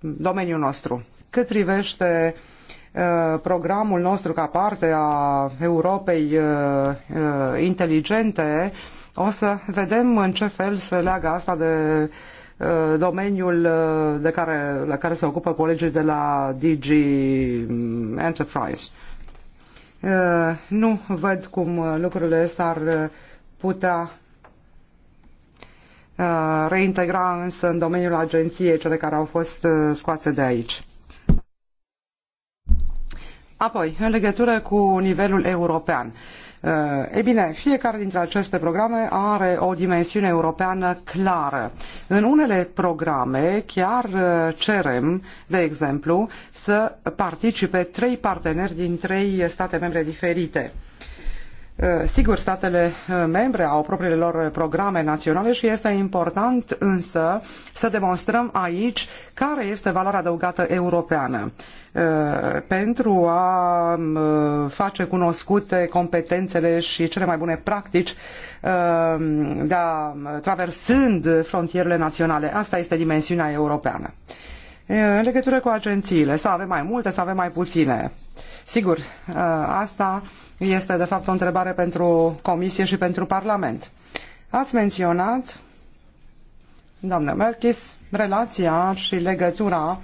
domeniul nostru. Cât privește programul nostru ca parte a Europei inteligente, o să vedem în ce fel se leagă asta de uh, domeniul uh, de care, la care se ocupă colegii de la DG mm, Enterprise. Uh, nu văd cum lucrurile s-ar putea reintegra însă în domeniul agenției cele care au fost scoase de aici. Apoi, în legătură cu nivelul european. Uh, Eh, e bine, fiecare dintre aceste programe are o dimensiune europeană clară. În unele programe chiar eh, cerem, de exemplu, să participe trei parteneri din trei state membre diferite Eh, sigur, statele eh, membre au propriile lor programe naționale și este important însă să demonstrăm aici care este valoarea adăugată europeană eh, pentru a mm, face cunoscute competențele și cele mai bune practici mm, traversând frontierele naționale. Asta este dimensiunea europeană. În legătură cu agențiile, să avem mai multe, să avem mai puține. Sigur, asta este, de fapt, o întrebare pentru Comisie și pentru Parlament. Ați menționat, doamnă Merkis, relația și legătura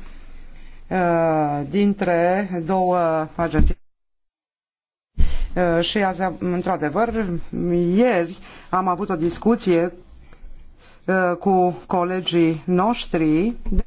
uh, dintre două agenții. Uh, și azi, într-adevăr, ieri am avut o discuție uh, cu colegii noștri. De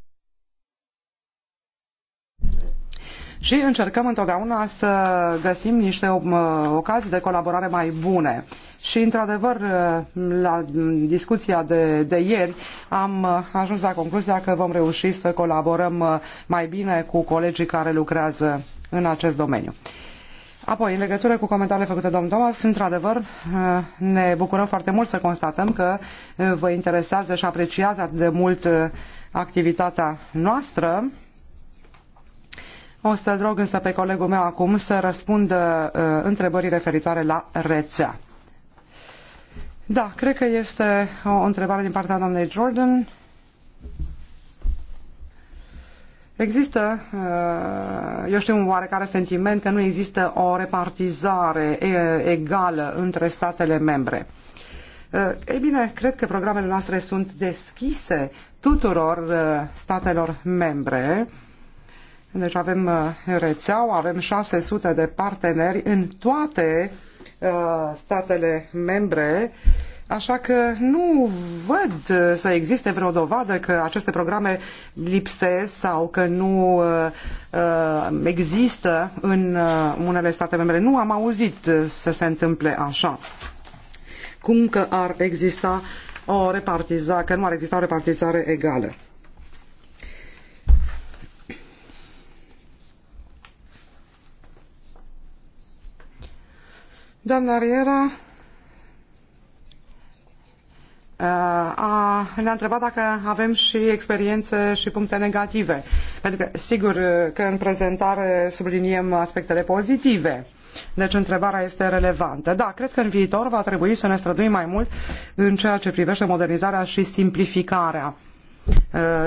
și încercăm întotdeauna să găsim niște uh, ocazii de colaborare mai bune. Și, într-adevăr, uh, la discuția de, de ieri am uh, ajuns la concluzia că vom reuși să colaborăm mai bine cu colegii care lucrează în acest domeniu. Apoi, în legătură cu comentariile făcute domnul Thomas, într-adevăr, ne bucurăm foarte mult să constatăm că vă interesează și apreciați atât de mult activitatea noastră o să-l rog însă pe colegul meu acum să răspundă uh, întrebării referitoare la rețea. Da, cred că este o întrebare din partea doamnei Jordan. Există, uh, eu știu, un oarecare sentiment că nu există o repartizare egală între statele membre. Uh, ei bine, cred că programele noastre sunt deschise tuturor uh, statelor membre deci avem uh, rețeau, avem 600 de parteneri în toate uh, statele membre, așa că nu văd uh, să existe vreo dovadă că aceste programe lipsesc sau că nu există în unele state membre. Nu am auzit să se întâmple așa. Cum că ar exista o repartizare, că nu ar exista o repartizare egală. Doamna Riera a, ne-a întrebat dacă avem și experiențe și puncte negative. Pentru că, sigur că în prezentare subliniem aspectele pozitive. Deci întrebarea este relevantă. Da, cred că în viitor va trebui să ne străduim mai mult în ceea ce privește modernizarea și simplificarea.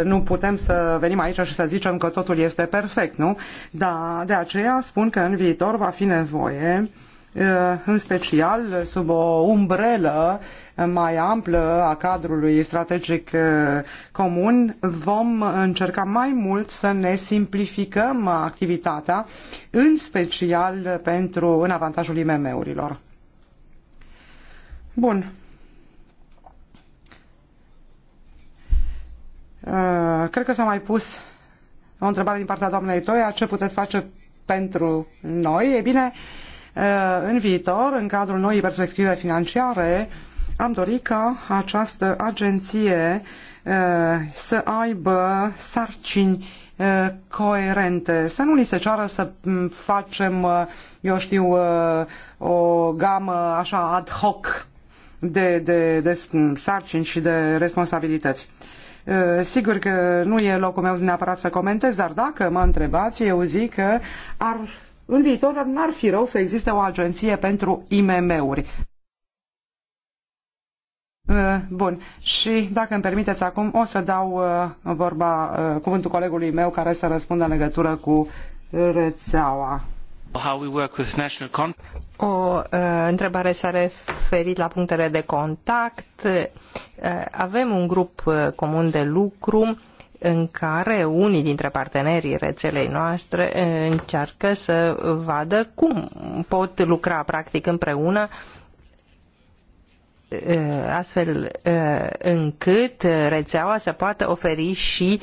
Nu putem să venim aici și să zicem că totul este perfect, nu? Dar de aceea spun că în viitor va fi nevoie uh, Eh, în special sub o umbrelă mai amplă a cadrului strategic eh, comun, vom încerca mai mult să ne simplificăm activitatea, în special pentru în avantajul IMM-urilor. Bun. Eh, cred că s-a mai pus o întrebare din partea doamnei Toia, ce puteți face pentru noi? E bine, uh, în viitor, în cadrul noii perspective financiare, am dorit ca această agenție uh, să aibă sarcini uh, coerente, să nu ni se ceară să mm, facem, uh, eu știu, o gamă așa ad hoc de, de, de sarcini și de responsabilități. Sigur că nu e locul meu neapărat să comentez, dar dacă mă întrebați, eu zic că ar în viitor n-ar fi rău să existe o agenție pentru IMM-uri. Uh, bun. Și dacă îmi permiteți acum, o să dau uh, vorba, uh, cuvântul colegului meu care să răspundă în legătură cu rețeaua. How we work with national o uh, întrebare s-a referit la punctele de contact. Uh, avem un grup uh, comun de lucru în care unii dintre partenerii rețelei noastre încearcă să vadă cum pot lucra practic împreună astfel încât rețeaua să poată oferi și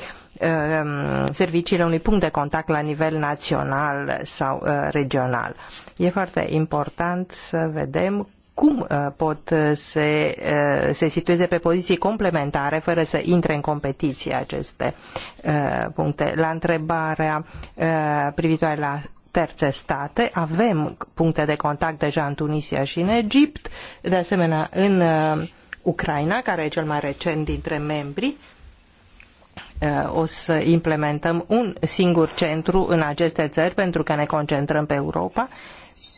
serviciile unui punct de contact la nivel național sau regional. E foarte important să vedem cum uh, pot uh, să uh, se situeze pe poziții complementare fără să intre în competiție aceste puncte. La întrebarea privitoare la terțe state, avem puncte de contact deja în Tunisia și în Egipt, de asemenea în Ucraina, care e cel mai recent dintre membri, o să implementăm un singur centru în aceste țări pentru că ne concentrăm pe Europa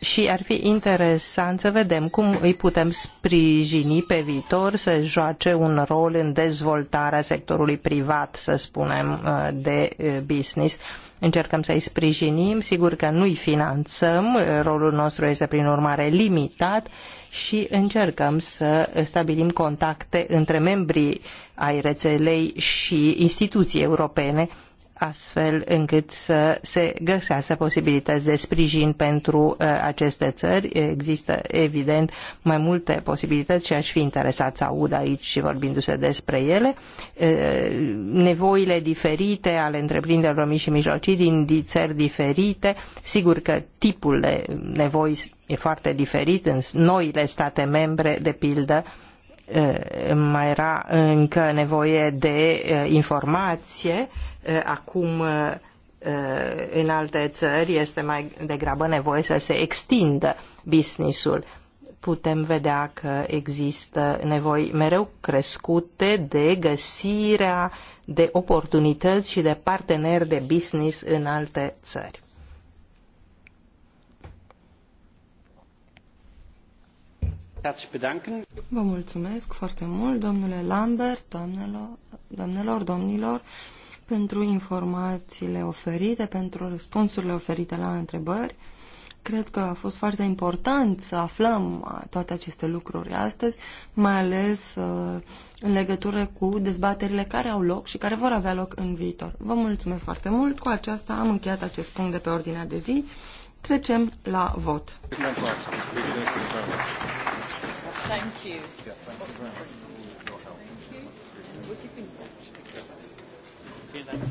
și ar fi interesant să vedem cum îi putem sprijini pe viitor să joace un rol în dezvoltarea sectorului privat, să spunem, uh, de uh, business. Încercăm să-i sprijinim, sigur că nu-i finanțăm, uh, rolul nostru este prin urmare limitat și încercăm să stabilim contacte între membrii ai rețelei și instituții europene astfel încât să se găsească posibilități de sprijin pentru uh, aceste țări. Există, evident, mai multe posibilități și aș fi interesat să aud aici și vorbindu-se despre ele. Uh, nevoile diferite ale întreprinderilor mici și mijlocii din țări diferite, sigur că tipul de nevoi e foarte diferit în noile state membre, de pildă, uh, mai era încă nevoie de informație Eh, acum eh, în alte țări este mai degrabă nevoie să se extindă businessul. Putem vedea că există nevoi mereu crescute de găsirea de oportunități și de parteneri de business în alte țări. Vă mulțumesc foarte mult, domnule Lambert, doamnelor, domnilor pentru informațiile oferite, pentru răspunsurile oferite la întrebări. Cred că a fost foarte important să aflăm toate aceste lucruri astăzi, mai ales uh, în legătură cu dezbaterile care au loc și care vor avea loc în viitor. Vă mulțumesc foarte mult. Cu aceasta am încheiat acest punct de pe ordinea de zi. Trecem la vot. Thank you. that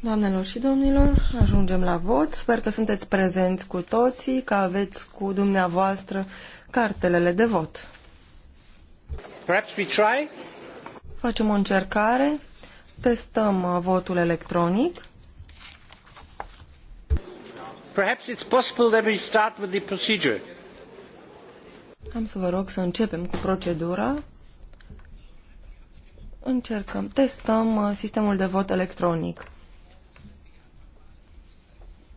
Doamnelor și domnilor, ajungem la vot. Sper că sunteți prezenți cu toții, că aveți cu dumneavoastră cartelele de vot. we try? Facem o încercare. Testăm uh, votul electronic. Perhaps it's possible that we start with the procedure. Am să vă rog să începem cu procedura. Încercăm, testăm uh, sistemul de vot electronic.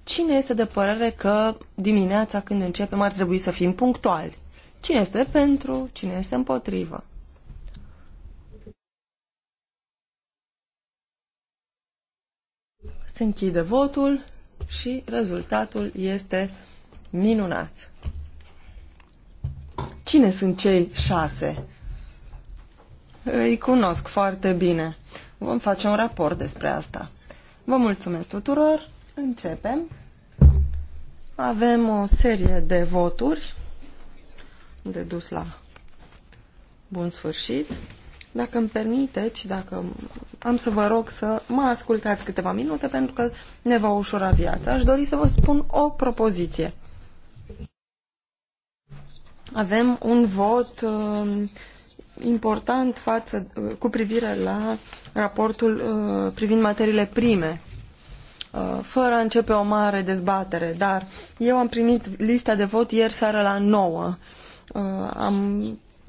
Cine este de părere că dimineața când începem ar trebui să fim punctuali? Cine este pentru, cine este împotrivă? Se închide votul și rezultatul este minunat. Cine sunt cei șase? îi cunosc foarte bine. Vom face un raport despre asta. Vă mulțumesc tuturor. Începem. Avem o serie de voturi de dus la bun sfârșit. Dacă îmi permiteți, dacă am să vă rog să mă ascultați câteva minute pentru că ne va ușura viața. Aș dori să vă spun o propoziție. Avem un vot uh, important față, cu privire la raportul uh, privind materiile prime, uh, fără a începe o mare dezbatere, dar eu am primit lista de vot ieri seara la 9. Uh, am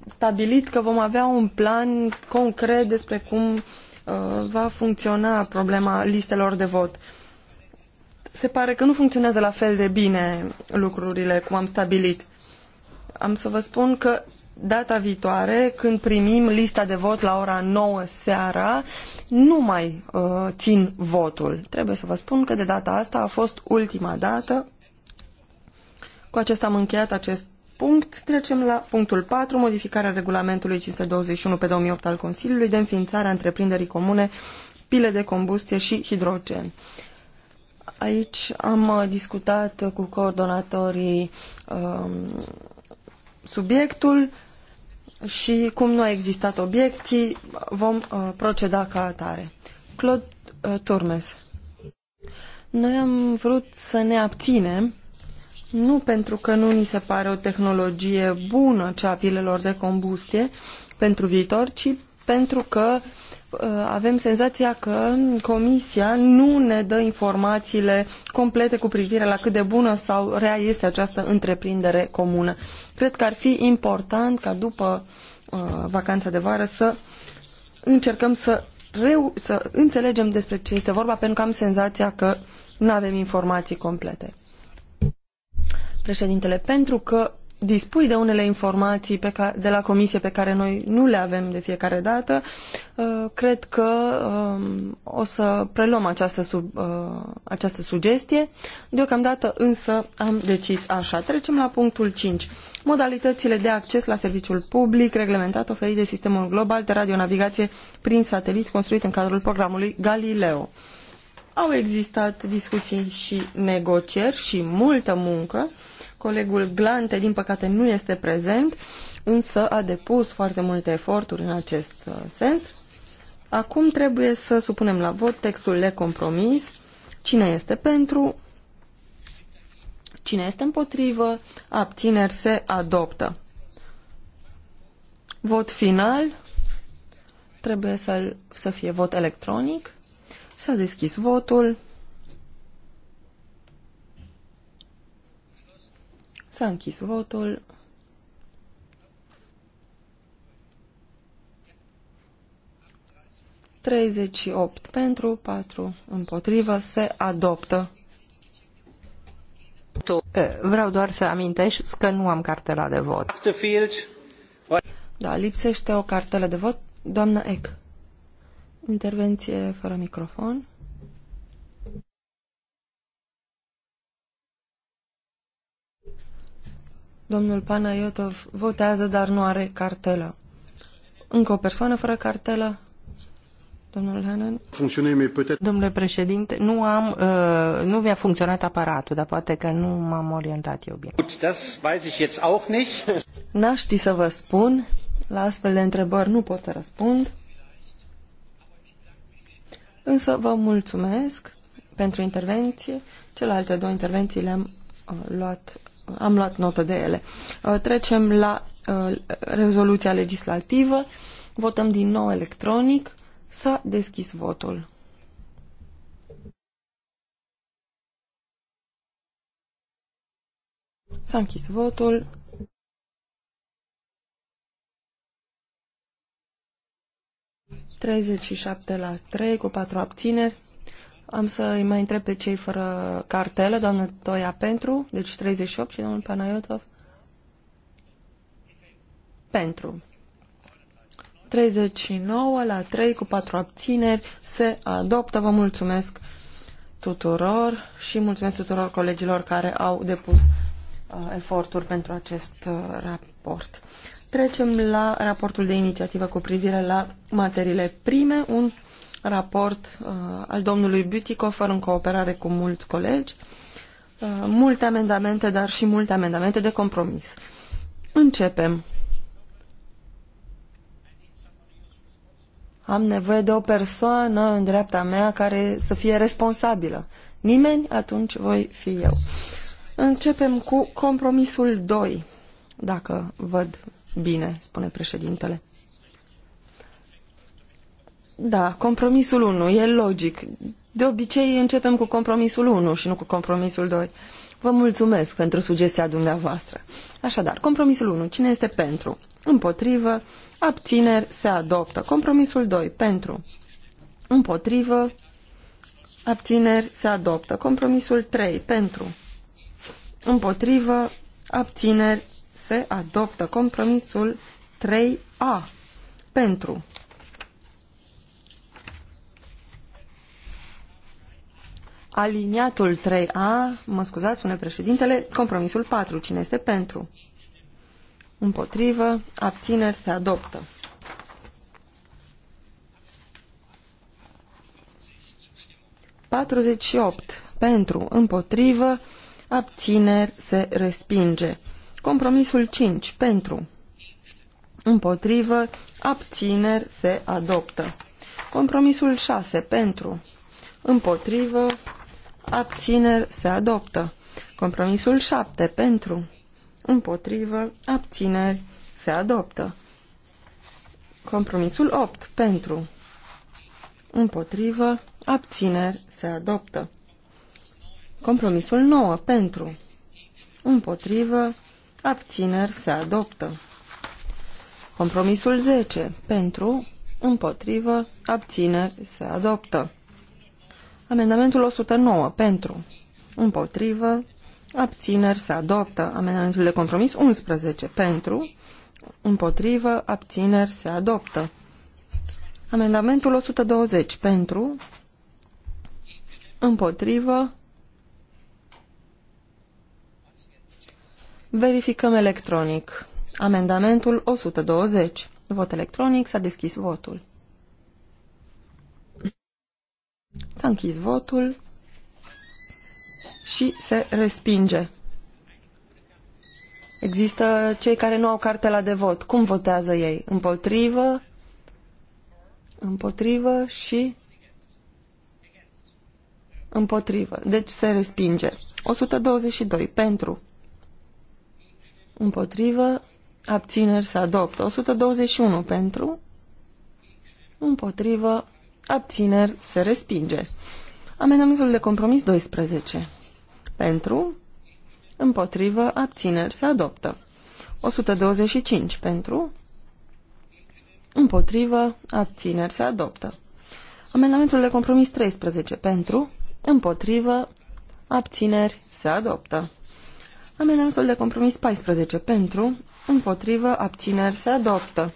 stabilit că vom avea un plan concret despre cum uh, va funcționa problema listelor de vot. Se pare că nu funcționează la fel de bine lucrurile cum am stabilit. Am să vă spun că data viitoare, când primim lista de vot la ora 9 seara, nu mai uh, țin votul. Trebuie să vă spun că de data asta a fost ultima dată. Cu acesta am încheiat acest punct. Trecem la punctul 4, modificarea regulamentului 521 pe 2008 al Consiliului de înființare a întreprinderii comune pile de combustie și hidrogen. Aici am uh, discutat cu coordonatorii um, subiectul și cum nu a existat obiecții, vom uh, proceda ca atare. Claude uh, Turmes. Noi am vrut să ne abținem, nu pentru că nu ni se pare o tehnologie bună cea a pilelor de combustie pentru viitor, ci pentru că uh, Uh, avem senzația că Comisia nu ne dă informațiile complete cu privire la cât de bună sau rea este această întreprindere comună. Cred că ar fi important ca după uh, vacanța de vară să încercăm să, reu- să înțelegem despre ce este vorba, pentru că am senzația că nu avem informații complete. Președintele, pentru că dispui de unele informații pe care, de la comisie pe care noi nu le avem de fiecare dată, uh, cred că um, o să preluăm această, sub, uh, această sugestie. Deocamdată însă am decis așa. Trecem la punctul 5. Modalitățile de acces la serviciul public reglementat oferit de sistemul global de radionavigație prin satelit construit în cadrul programului Galileo. Au existat discuții și negocieri și multă muncă Colegul Glante, din păcate, nu este prezent, însă a depus foarte multe eforturi în acest uh, sens. Acum trebuie să supunem la vot textul de compromis. Cine este pentru? Cine este împotrivă? Abțineri se adoptă. Vot final. Trebuie să, să fie vot electronic. S-a deschis votul. S-a închis votul. Treizeci opt pentru, patru împotrivă, se adoptă. Eh, vreau doar să amintesc că nu am cartela de vot. Da, lipsește o cartelă de vot. Doamnă Eck, intervenție fără microfon. Domnul Panayotov votează, dar nu are cartelă. Încă o persoană fără cartelă? Domnul Hanan? Domnule președinte, nu am, uh, nu mi-a funcționat aparatul, dar poate că nu m-am orientat eu bine. Das weiß ich jetzt auch nicht. N-aș ști să vă spun, la astfel de întrebări nu pot să răspund. Însă vă mulțumesc pentru intervenție. Celelalte două intervenții le-am uh, luat am luat notă de ele. Uh, trecem la uh, rezoluția legislativă. Votăm din nou electronic. S-a deschis votul. S-a închis votul. Treizeci și șapte la trei cu patru abțineri. Am să îi mai întreb pe cei fără cartelă, doamnă Toia pentru, deci 38 și domnul Panayotov pentru. 39 la 3 cu 4 abțineri se adoptă. Vă mulțumesc tuturor și mulțumesc tuturor colegilor care au depus uh, eforturi pentru acest uh, raport. Trecem la raportul de inițiativă cu privire la materiile prime, un raport uh, al domnului Butikofer în cooperare cu mulți colegi, uh, multe amendamente, dar și multe amendamente de compromis. Începem. Am nevoie de o persoană în dreapta mea care să fie responsabilă. Nimeni? Atunci voi fi eu. Începem cu compromisul 2, dacă văd bine, spune președintele. Da, compromisul 1 e logic. De obicei începem cu compromisul 1 și nu cu compromisul 2. Vă mulțumesc pentru sugestia dumneavoastră. Așadar, compromisul 1. Cine este pentru? Împotrivă. Abțineri se adoptă. Compromisul 2. Pentru. Împotrivă. Abțineri se adoptă. Compromisul 3. Pentru. Împotrivă. Abțineri se adoptă. Compromisul 3A. Pentru. aliniatul 3A, mă scuzați, spune președintele, compromisul 4. Cine este pentru? Împotrivă, abțineri, se adoptă. 48 pentru, împotrivă, abțineri se respinge. Compromisul 5 pentru, împotrivă, abțineri se adoptă. Compromisul 6 pentru, împotrivă, abțineri se adoptă. Compromisul 7 pentru, împotrivă, abțineri se adoptă. Compromisul 8 pentru, împotrivă, abțineri se adoptă. Compromisul 9 pentru, împotrivă, abțineri se adoptă. Compromisul 10 pentru, împotrivă, abțineri se adoptă. Amendamentul 109 pentru, împotrivă, abțineri se adoptă. Amendamentul de compromis 11 pentru, împotrivă, abțineri se adoptă. Amendamentul 120 pentru, împotrivă, verificăm electronic. Amendamentul 120. Vot electronic, s-a deschis votul. S-a închis votul și se respinge. Există cei care nu au cartela de vot. Cum votează ei? Împotrivă? Împotrivă și împotrivă. Deci se respinge. 122 pentru. Împotrivă. Abțineri se adoptă. 121 pentru. Împotrivă abțineri, se respinge. Amendamentul de compromis 12. Pentru, împotrivă, abțineri, se adoptă. 125 pentru, împotrivă, abțineri, se adoptă. Amendamentul de compromis 13 pentru, împotrivă, abțineri, se adoptă. Amendamentul de compromis 14 pentru, împotrivă, abțineri, se adoptă.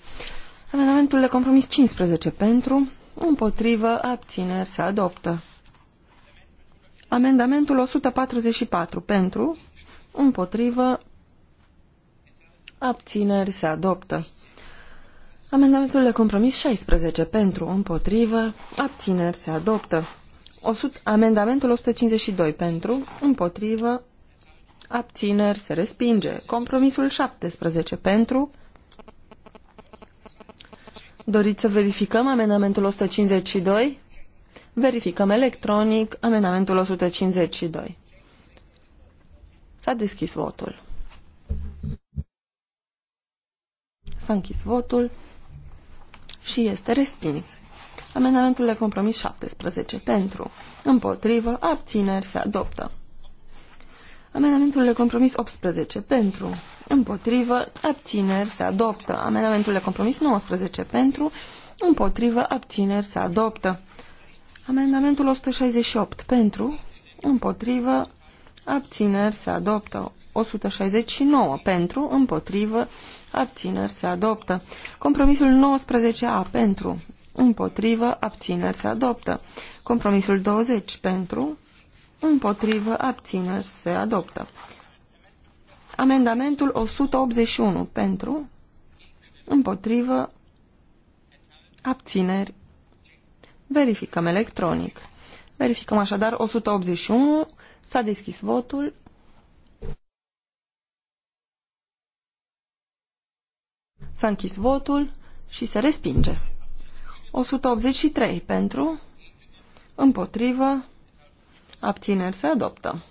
Amendamentul de compromis 15 pentru, împotrivă, abțineri, se adoptă. Amendamentul 144 pentru, împotrivă, abțineri, se adoptă. Amendamentul de compromis 16 pentru, împotrivă, abțineri, se adoptă. 100, amendamentul 152 pentru, împotrivă, abțineri, se respinge. Compromisul 17 pentru, Doriți să verificăm amendamentul 152? Verificăm electronic amendamentul 152. S-a deschis votul. S-a închis votul și este respins. Amendamentul de compromis 17 pentru, împotrivă, abțineri se adoptă. Amendamentul de compromis 18 pentru, împotrivă, abțineri se adoptă. Amendamentul de compromis 19 pentru, împotrivă, abțineri se adoptă. Amendamentul 168 pentru, împotrivă, abțineri se adoptă. 169 pentru, împotrivă, abțineri se adoptă. Compromisul 19A pentru, împotrivă, abțineri se adoptă. Compromisul 20 pentru, Împotrivă, abțineri, se adoptă. Amendamentul 181 pentru, împotrivă, abțineri. Verificăm electronic. Verificăm așadar 181, s-a deschis votul. S-a închis votul și se respinge. 183 pentru, împotrivă, Abțineri se adoptă.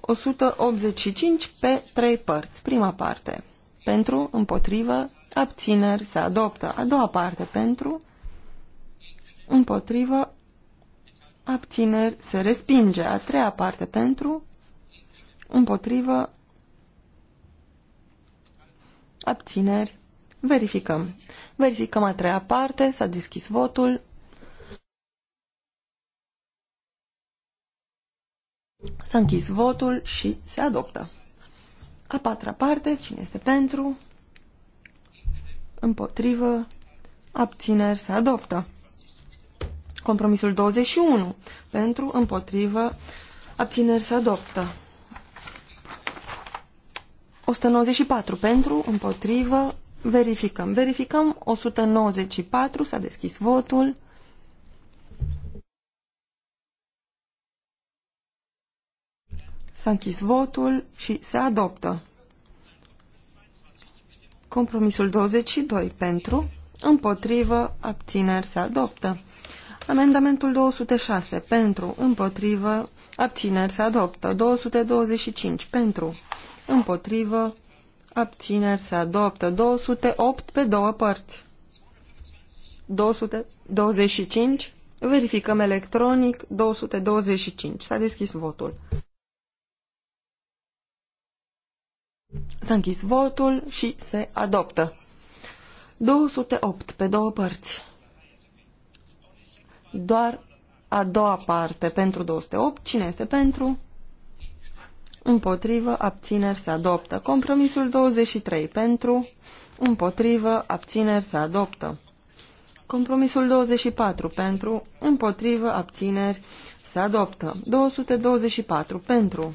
185 pe trei părți. Prima parte. Pentru, împotrivă, abțineri se adoptă. A doua parte. Pentru, împotrivă, abțineri se respinge. A treia parte. Pentru, împotrivă, abțineri. Verificăm. Verificăm a treia parte. S-a deschis votul. S-a închis votul și se adoptă. A patra parte, cine este pentru? Împotrivă. Abțineri se adoptă. Compromisul 21. Pentru, împotrivă, abțineri se adoptă. 194. Pentru, împotrivă, verificăm. Verificăm 194, s-a deschis votul. S-a închis votul și se adoptă. Compromisul 22 pentru, împotrivă, abțineri se adoptă. Amendamentul 206 pentru, împotrivă, abțineri se adoptă. 225 pentru, împotrivă, abțineri se adoptă. 208 pe două părți. 225, verificăm electronic, 225. S-a deschis votul. S-a închis votul și se adoptă. 208 pe două părți. Doar a doua parte pentru 208. Cine este pentru? Împotrivă, abțineri se adoptă. Compromisul 23 pentru, împotrivă, abțineri se adoptă. Compromisul 24 pentru, împotrivă, abțineri se adoptă. 224 pentru,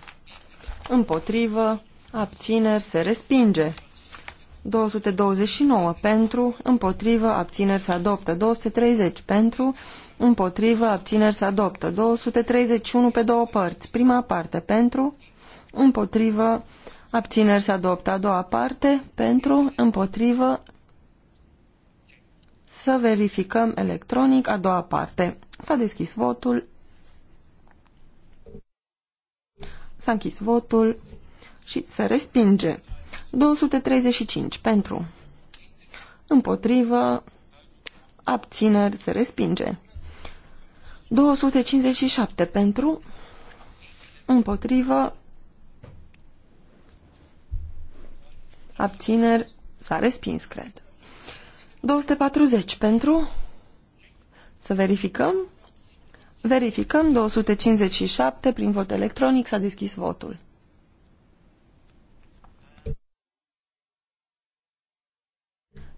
împotrivă, abțineri se respinge. 229 pentru, împotrivă, abțineri se adoptă. 230 pentru, împotrivă, abțineri se adoptă. 231 pe două părți. Prima parte pentru, împotrivă, abțineri se adoptă. A doua parte pentru, împotrivă, să verificăm electronic a doua parte. S-a deschis votul. S-a închis votul și se respinge. 235 pentru. Împotrivă. Abțineri se respinge. 257 pentru. Împotrivă. Abțineri s-a respins, cred. 240 pentru. Să verificăm. Verificăm 257 prin vot electronic s-a deschis votul.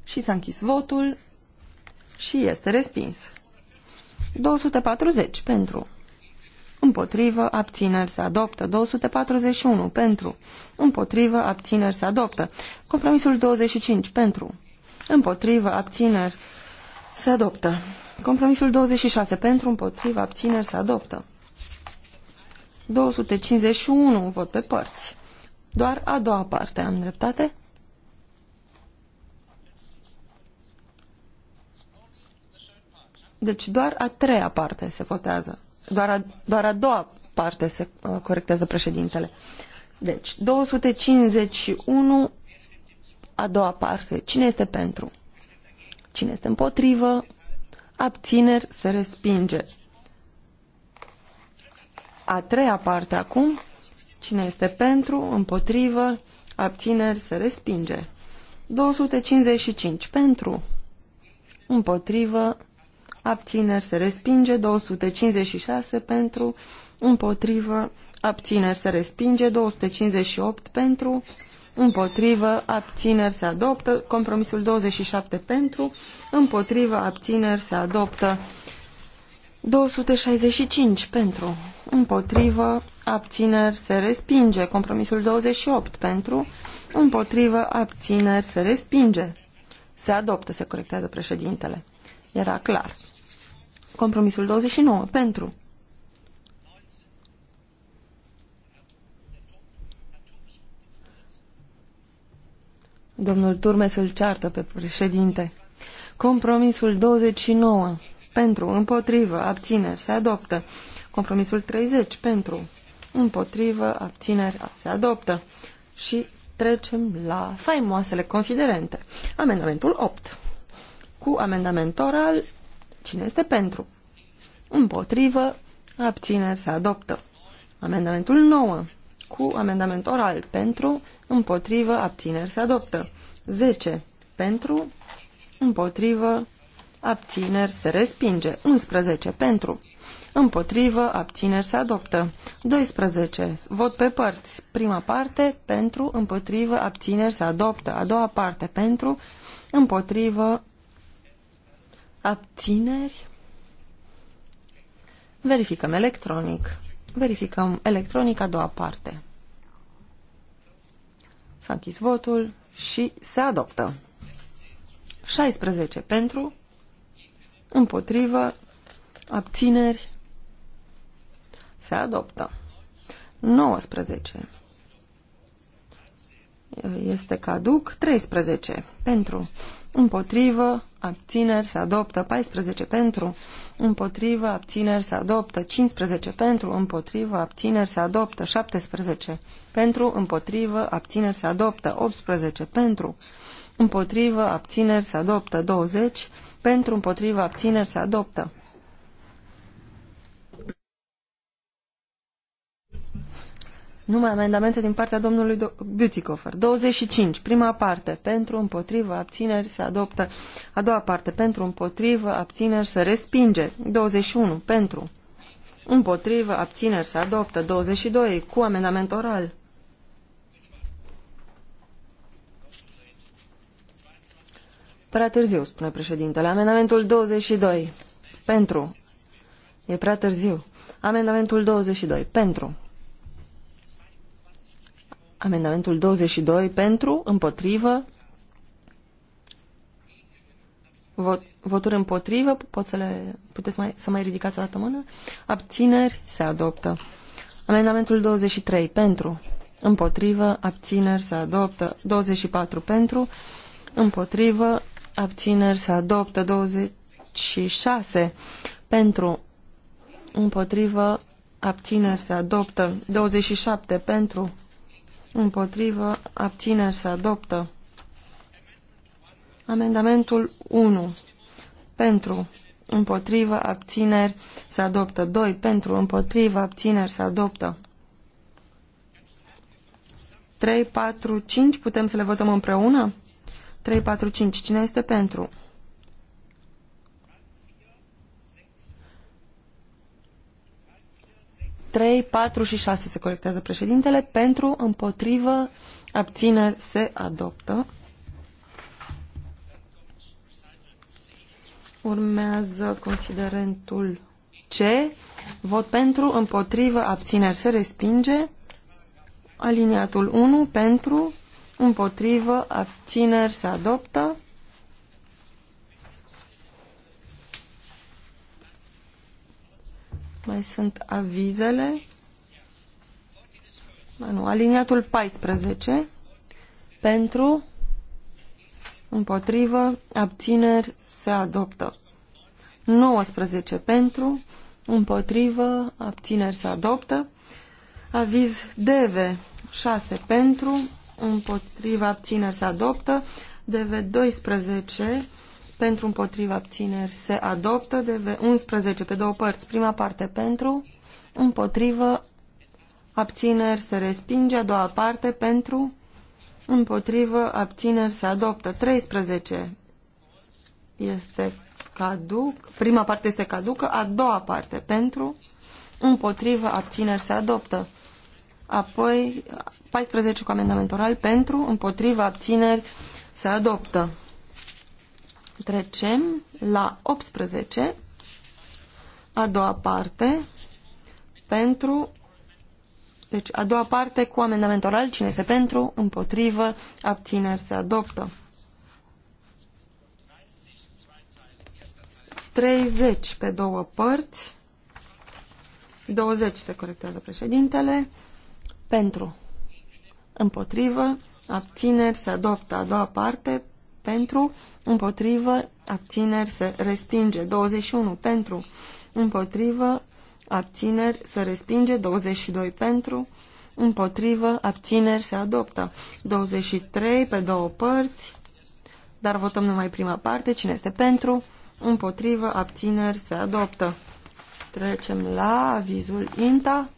Și s-a închis votul și este respins. 240 pentru. Împotrivă, abțineri se adoptă. 241 pentru. Împotrivă, abțineri se adoptă. Compromisul 25 pentru. Împotrivă, abțineri se adoptă. Compromisul 26 pentru. Împotrivă, abțineri se adoptă. 251 vot pe părți. Doar a doua parte am dreptate? Deci doar a treia parte se votează. Doar a, doar a doua parte se uh, corectează președintele. Deci, 251, a doua parte. Cine este pentru? Cine este împotrivă? Abțineri se respinge. A treia parte acum. Cine este pentru? Împotrivă? Abțineri se respinge. 255 pentru. Împotrivă? abțineri se respinge, 256 pentru, împotrivă, abțineri se respinge, 258 pentru, împotrivă, abțineri se adoptă, compromisul 27 pentru, împotrivă, abțineri se adoptă, 265 pentru, împotrivă, abțineri se respinge, compromisul 28 pentru, împotrivă, abțineri se respinge. Se adoptă, se corectează președintele. Era clar. Compromisul 29. Pentru. Domnul Turmes îl ceartă pe președinte. Compromisul 29. Pentru. Împotrivă. Abțineri. Se adoptă. Compromisul 30. Pentru. Împotrivă. Abțineri. Se adoptă. Și trecem la faimoasele considerente. Amendamentul 8. Cu amendament oral Cine este pentru? Împotrivă, abțineri se adoptă. Amendamentul 9 cu amendament oral pentru, împotrivă, abțineri se adoptă. 10 pentru, împotrivă, abțineri se respinge. 11 pentru, împotrivă, abțineri se adoptă. 12 vot pe părți. Prima parte pentru, împotrivă, abțineri se adoptă. A doua parte pentru, împotrivă, Abțineri? Verificăm electronic. Verificăm electronic a doua parte. S-a închis votul și se adoptă. 16 pentru, împotrivă, abțineri, se adoptă. 19 este caduc, 13 pentru, împotrivă, abțineri, se adoptă 14 pentru, împotrivă, abțineri, se adoptă 15 pentru, împotrivă, abțineri, se adoptă 17 pentru, împotrivă, abțineri, se adoptă 18 pentru, împotrivă, abțineri, se adoptă 20 pentru, împotrivă, abțineri, se adoptă numai amendamente din partea domnului Butikofer. 25, prima parte, pentru, împotrivă, abțineri, se adoptă. A doua parte, pentru, împotrivă, abțineri, se respinge. 21, pentru, împotrivă, abțineri, se adoptă. 22, cu amendament oral. Prea târziu, spune președintele. Amendamentul 22. Pentru. E prea târziu. Amendamentul 22. Pentru. Amendamentul 22 pentru, împotrivă. Vot, voturi împotrivă, pot să le, puteți mai, să mai ridicați o dată mână. Abțineri, se adoptă. Amendamentul 23 pentru, împotrivă, abțineri, se adoptă. 24 pentru, împotrivă, abțineri, se adoptă. 26 pentru, împotrivă, abțineri, se adoptă. 27 pentru, împotrivă, abțineri se adoptă. Amendamentul 1. Pentru, împotrivă, abțineri se adoptă. 2. Pentru, împotrivă, abțineri se adoptă. 3, 4, 5. Putem să le votăm împreună? 3, 4, 5. Cine este pentru? 3, 4 și 6 se corectează președintele. Pentru, împotrivă, abțineri se adoptă. Urmează considerentul C. Vot pentru, împotrivă, abțineri se respinge. Aliniatul 1 pentru, împotrivă, abțineri se adoptă. Mai sunt avizele. Ba nu, aliniatul 14 pentru, împotrivă, abțineri, se adoptă. 19 pentru, împotrivă, abțineri, se adoptă. Aviz DV 6 pentru, împotrivă, abțineri se adoptă. DV 12 pentru împotriva abțineri se adoptă, de 11 pe două părți, prima parte pentru, împotrivă, abțineri se respinge, a doua parte pentru, împotrivă, abțineri se adoptă, 13 este caduc, prima parte este caducă, a doua parte pentru, împotrivă, abțineri se adoptă. Apoi, 14 cu amendament oral pentru, împotrivă, abțineri se adoptă. Trecem la 18, a doua parte, pentru... Deci, a doua parte cu amendament oral, cine se pentru, împotrivă, abțineri se adoptă. 30 pe două părți, 20 se corectează președintele, pentru, împotrivă, abțineri se adoptă a doua parte, pentru, împotrivă, abțineri se respinge. 21 pentru, împotrivă, abțineri se respinge. 22 pentru, împotrivă, abțineri se adoptă. 23 pe două părți, dar votăm numai prima parte. Cine este pentru, împotrivă, abțineri se adoptă. Trecem la avizul INTA.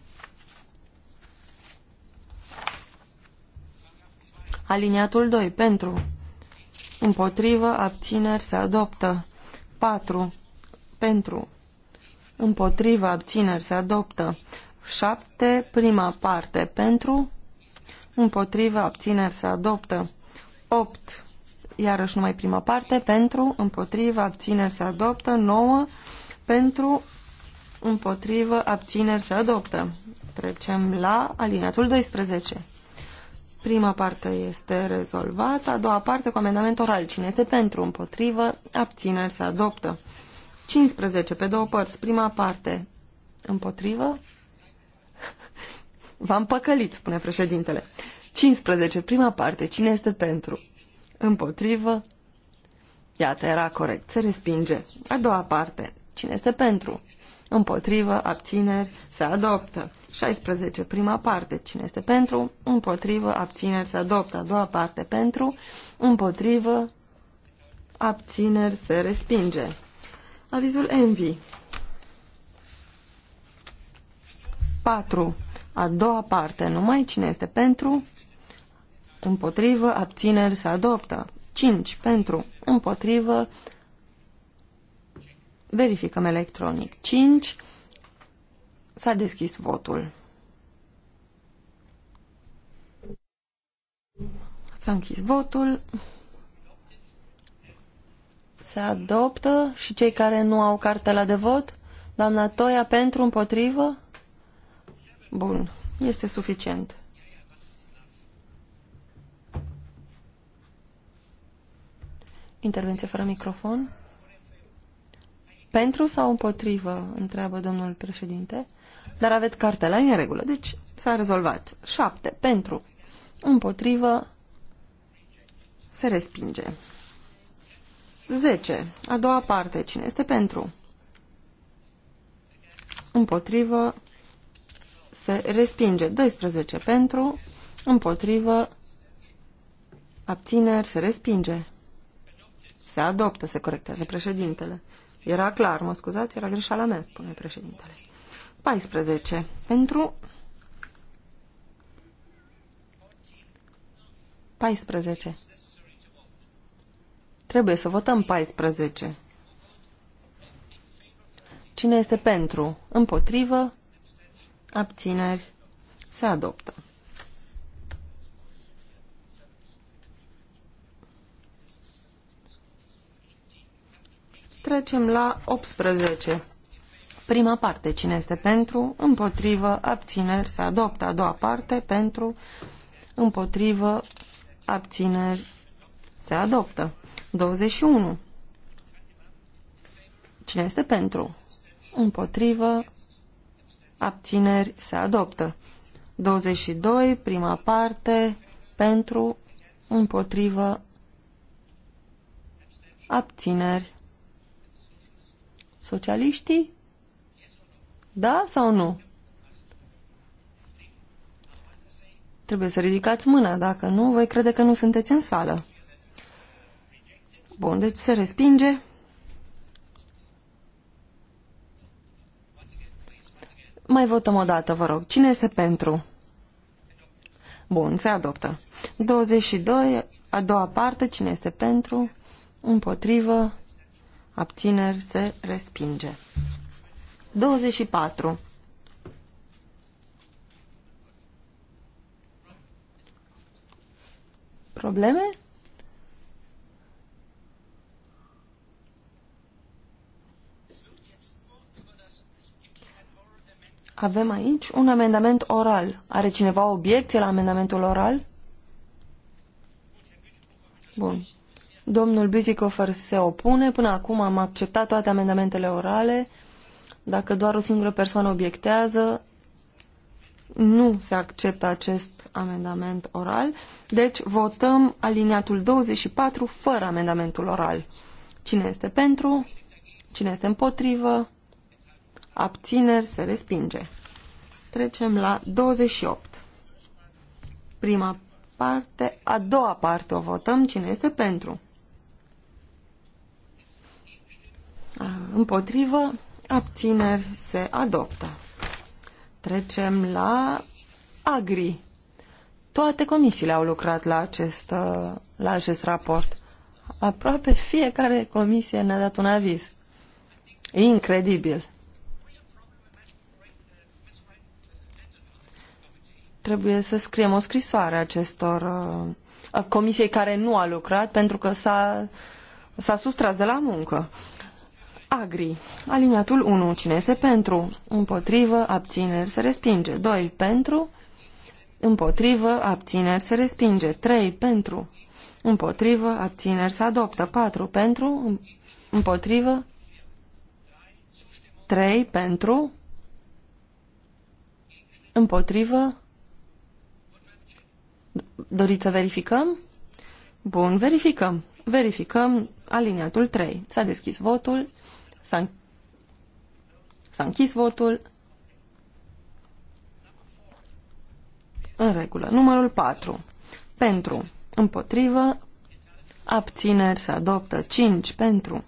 Aliniatul 2 pentru Împotrivă, abțineri, se adoptă. 4. Pentru. Împotrivă, abțineri, se adoptă. 7. Prima parte. Pentru. Împotrivă, abțineri, se adoptă. 8. Iarăși numai prima parte. Pentru. Împotrivă, abțineri, se adoptă. 9. Pentru. Împotrivă, abțineri, se adoptă. Trecem la aliniatul 12. Prima parte este rezolvată, a doua parte cu amendament oral. Cine este pentru, împotrivă, abțineri se adoptă. 15 pe două părți. Prima parte împotrivă. V-am păcălit, spune președintele. 15. Prima parte. Cine este pentru? Împotrivă. Iată, era corect. Se respinge. A doua parte. Cine este pentru? Împotrivă, abțineri, se adoptă. 16, prima parte, cine este pentru, împotrivă, abțineri se adoptă. A doua parte, pentru, împotrivă, abțineri se respinge. Avizul Envy. 4. A doua parte, numai cine este pentru, împotrivă, abțineri se adoptă. 5. Pentru, împotrivă, verificăm electronic. 5. S-a deschis votul. S-a închis votul. Se adoptă și cei care nu au cartela de vot? Doamna Toia, pentru, împotrivă? Bun, este suficient. Intervenție fără microfon. Pentru sau împotrivă? Întreabă domnul președinte. Dar aveți cartela, în regulă, deci s-a rezolvat. Șapte Pentru. Împotrivă. Se respinge. Zece A doua parte. Cine este pentru? Împotrivă. Se respinge. 12. Pentru. Împotrivă. Abțineri. Se respinge. Se adoptă, se corectează președintele. Era clar, mă scuzați, era greșeala mea, spune președintele. 14. Pentru 14. Trebuie să votăm 14. Cine este pentru? Împotrivă? Abțineri? Se adoptă. Trecem la 18. Prima parte, cine este pentru, împotrivă, abțineri, se adoptă. A doua parte, pentru, împotrivă, abțineri, se adoptă. 21. Cine este pentru? Împotrivă, abțineri, se adoptă. 22, prima parte, pentru, împotrivă, abțineri. Socialiștii? Da sau nu? Trebuie să ridicați mâna, dacă nu, voi crede că nu sunteți în sală. Bun, deci se respinge. Mai votăm o dată, vă rog. Cine este pentru? Bun, se adoptă. 22, a doua parte, cine este pentru? Împotrivă, Abțineri se respinge. 24. Probleme? Avem aici un amendament oral. Are cineva obiecție la amendamentul oral? Bun. Domnul Bizicofer se opune. Până acum am acceptat toate amendamentele orale. Dacă doar o singură persoană obiectează, nu se acceptă acest amendament oral. Deci votăm aliniatul 24 fără amendamentul oral. Cine este pentru? Cine este împotrivă? Abțineri se respinge. Trecem la 28. Prima parte, a doua parte o votăm. Cine este pentru? Împotrivă, abțineri se adoptă. Trecem la Agri. Toate comisiile au lucrat la acest, uh, la acest raport. Aproape fiecare comisie ne-a dat un aviz. Incredibil. Trebuie să scriem o scrisoare acestor uh, comisiei care nu a lucrat pentru că s-a, s-a sustras de la muncă. Uh, Agri. Aliniatul 1. Cine este pentru? Împotrivă, abțineri, se respinge. 2. Pentru? Împotrivă, abțineri, se respinge. 3. Pentru? Împotrivă, abțineri, se adoptă. 4. Pentru? Împotrivă? 3. Pentru? Împotrivă? Doriți să verificăm? Bun, verificăm. Verificăm aliniatul 3. S-a deschis votul. S-a, s închis votul. În regulă. Numărul 4. Pentru. Împotrivă. Abțineri se adoptă. 5. Pentru.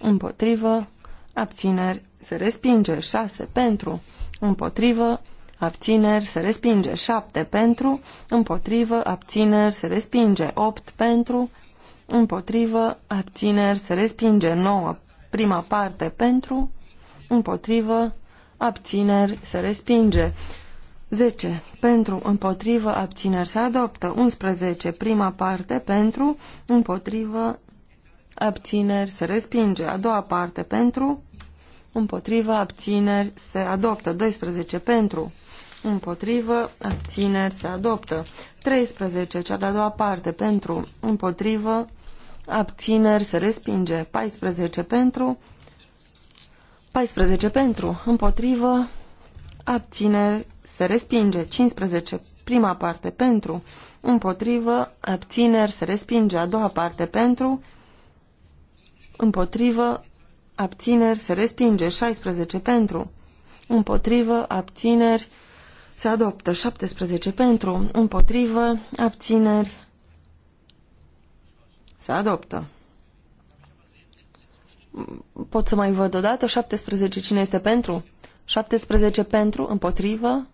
Împotrivă. Abțineri se respinge. 6. Pentru. Împotrivă. Abțineri se respinge. 7. Pentru. Împotrivă. Abțineri se respinge. 8. Pentru. Împotrivă. Abțineri se respinge. 9. Prima parte pentru, împotrivă, abțineri, se respinge. 10. Pentru, împotrivă, abțineri, se adoptă. 11. Prima parte pentru, împotrivă, abțineri, se respinge. A doua parte pentru, împotrivă, abțineri, se adoptă. 12. Pentru, împotrivă, abțineri, se adoptă. 13. Cea de-a doua parte pentru, împotrivă, abțineri, se respinge. 14 pentru, 14 pentru, împotrivă, abțineri, se respinge. 15, prima parte pentru, împotrivă, abțineri, se respinge. A doua parte pentru, împotrivă, abțineri, se respinge. 16 pentru, împotrivă, abțineri, se adoptă 17 pentru, împotrivă, abțineri, se adoptă. Pot să mai văd o dată? 17. Cine este pentru? 17 pentru, împotrivă.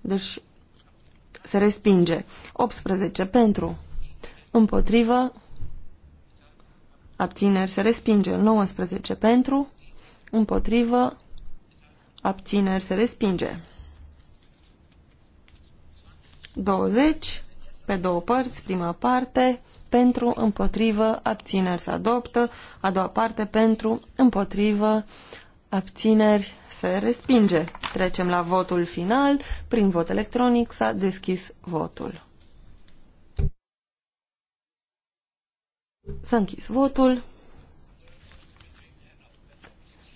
Deci se respinge. 18 pentru, împotrivă. Abțineri se respinge. 19 pentru, împotrivă. Abțineri se respinge. 20 pe două părți, prima parte, pentru, împotrivă, abțineri se adoptă, a doua parte pentru, împotrivă, abțineri se respinge. Trecem la votul final, prin vot electronic s-a deschis votul. S-a închis votul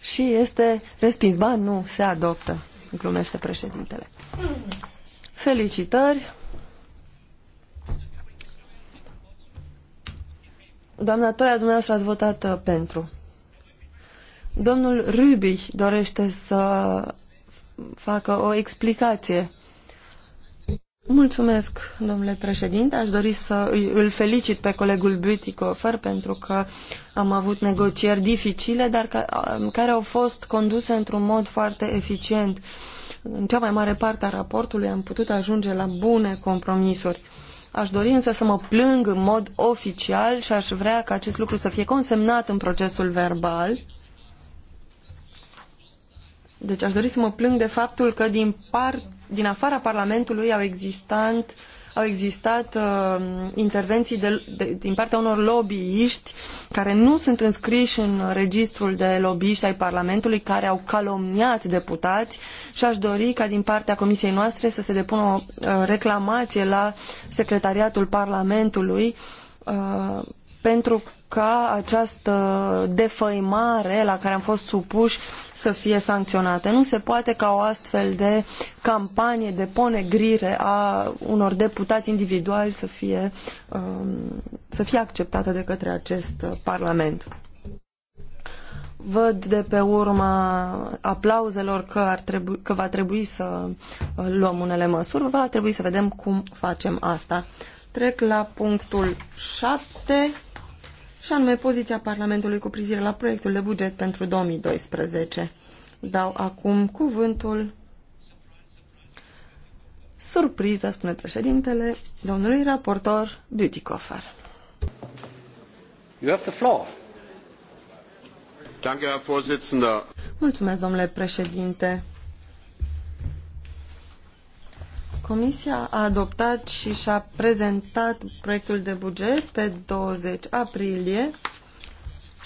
și este respins. Ba, nu, se adoptă, glumește președintele. Felicitări! Doamna Toia, dumneavoastră ați votat uh, pentru. Domnul Rubi dorește să facă o explicație. Mulțumesc, domnule președinte. Aș dori să îl felicit pe colegul Butikofer pentru că am avut negocieri dificile, dar um, care au fost conduse într-un mod foarte eficient. În cea mai mare parte a raportului am putut ajunge la bune compromisuri. Aș dori însă să mă plâng în mod oficial și aș vrea ca acest lucru să fie consemnat în procesul verbal. Deci aș dori să mă plâng de faptul că din, par, din afara Parlamentului au existat au existat uh, intervenții de, de, din partea unor lobbyiști care nu sunt înscriși în registrul de lobbyiști ai Parlamentului, care au calomniat deputați și aș dori ca din partea comisiei noastre să se depună o uh, reclamație la Secretariatul Parlamentului uh, pentru ca această defăimare la care am fost supuși să fie sancționate. Nu se poate ca o astfel de campanie de ponegrire a unor deputați individuali să fie, um, să fie acceptată de către acest uh, Parlament. Văd de pe urma aplauzelor că, ar trebui, că va trebui să uh, luăm unele măsuri, va trebui să vedem cum facem asta. Trec la punctul 7 și anume poziția Parlamentului cu privire la proiectul de buget pentru 2012. Dau acum cuvântul surpriză, spune președintele, domnului raportor Dutikofer. You have the floor. Danke, Herr Mulțumesc, domnule președinte. Comisia a adoptat și și-a prezentat proiectul de buget pe 20 aprilie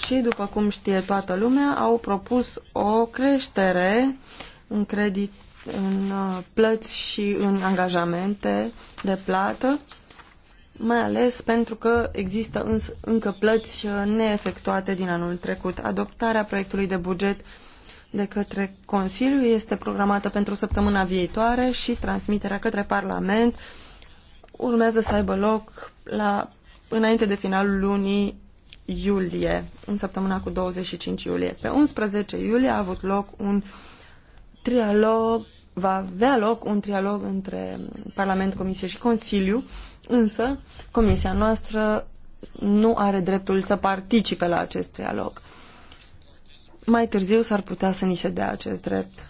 și, după cum știe toată lumea, au propus o creștere în credit în uh, plăți și în angajamente de plată, mai ales pentru că există încă plăți uh, neefectuate din anul trecut. Adoptarea proiectului de buget de către Consiliu este programată pentru săptămâna viitoare și transmiterea către Parlament urmează să aibă loc la, înainte de finalul lunii iulie, în săptămâna cu 25 iulie. Pe 11 iulie a avut loc un trialog, va avea loc un trialog între Parlament, Comisie și Consiliu, însă Comisia noastră nu are dreptul să participe la acest trialog mai târziu s-ar putea să ni se dea acest drept.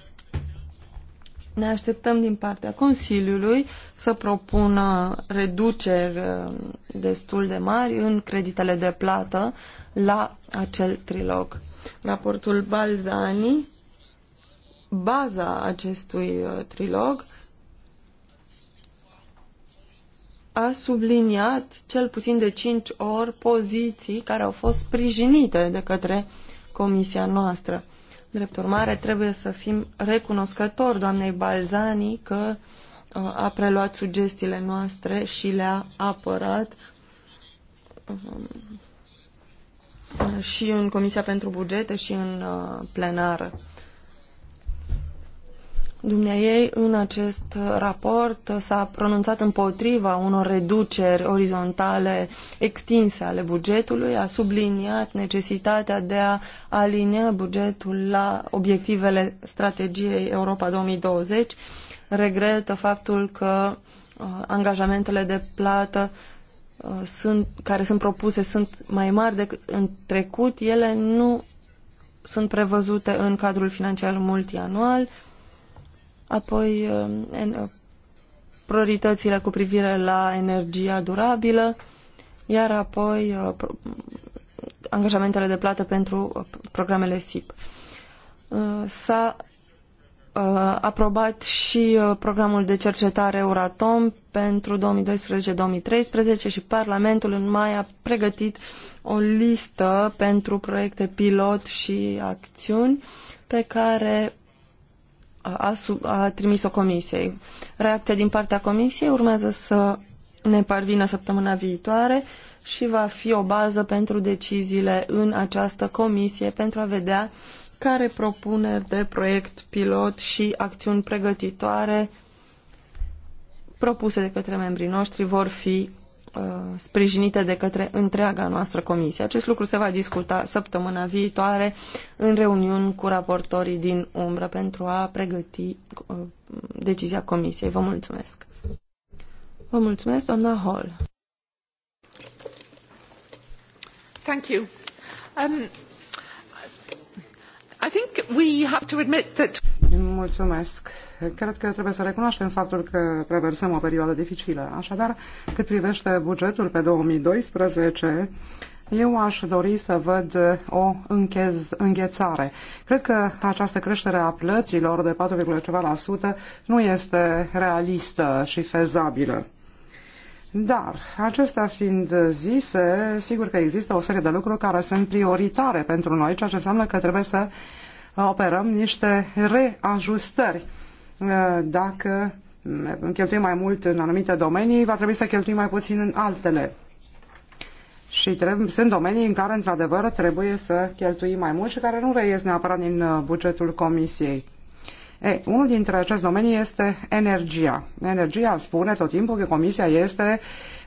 Ne așteptăm din partea Consiliului să propună reduceri uh, destul de mari în creditele de plată la acel trilog. Raportul Balzani, baza acestui uh, trilog, a subliniat cel puțin de cinci ori poziții care au fost sprijinite de către uh, comisia noastră. Drept urmare, trebuie să fim recunoscători doamnei Balzani că uh, a preluat sugestiile noastre și le-a apărat um, și în Comisia pentru Bugete și în uh, plenară. Dumneiei în acest raport s-a pronunțat împotriva unor reduceri orizontale extinse ale bugetului, a subliniat necesitatea de a alinea bugetul la obiectivele strategiei Europa 2020, regretă faptul că uh, angajamentele de plată uh, sunt, care sunt propuse sunt mai mari decât în trecut, ele nu sunt prevăzute în cadrul financiar multianual, apoi uh, uh, prioritățile cu privire la energia durabilă, iar apoi uh, angajamentele de plată pentru programele SIP. S-a aprobat și programul de cercetare Euratom pentru 2012-2013 și Parlamentul în mai a pregătit o listă pentru proiecte pilot și acțiuni pe care a, a trimis-o comisiei. Reacția din partea comisiei urmează să ne parvină săptămâna viitoare și va fi o bază pentru deciziile în această comisie pentru a vedea care propuneri de proiect pilot și acțiuni pregătitoare propuse de către membrii noștri vor fi Uh, sprijinite de către întreaga noastră comisie. Acest lucru se va discuta săptămâna viitoare în reuniuni cu raportorii din umbră pentru a pregăti uh, decizia comisiei. Vă mulțumesc! Vă mulțumesc, doamna Hall! Thank you. Um... I think we have to admit that... Mulțumesc. Cred că trebuie să recunoaștem faptul că traversăm o perioadă dificilă. Așadar, cât privește bugetul pe 2012, eu aș dori să văd o închez, înghețare. Cred că această creștere a plăților de 4, ceva la sută nu este realistă și fezabilă. Dar, acestea fiind zise, sigur că există o serie de lucruri care sunt prioritare pentru noi, ceea ce înseamnă că trebuie să operăm niște reajustări. Dacă cheltuim mai mult în anumite domenii, va trebui să cheltuim mai puțin în altele. Și trebuie, sunt domenii în care, într-adevăr, trebuie să cheltuim mai mult și care nu reies neapărat din bugetul Comisiei. Ei, unul dintre acest domenii este energia. Energia spune tot timpul că Comisia este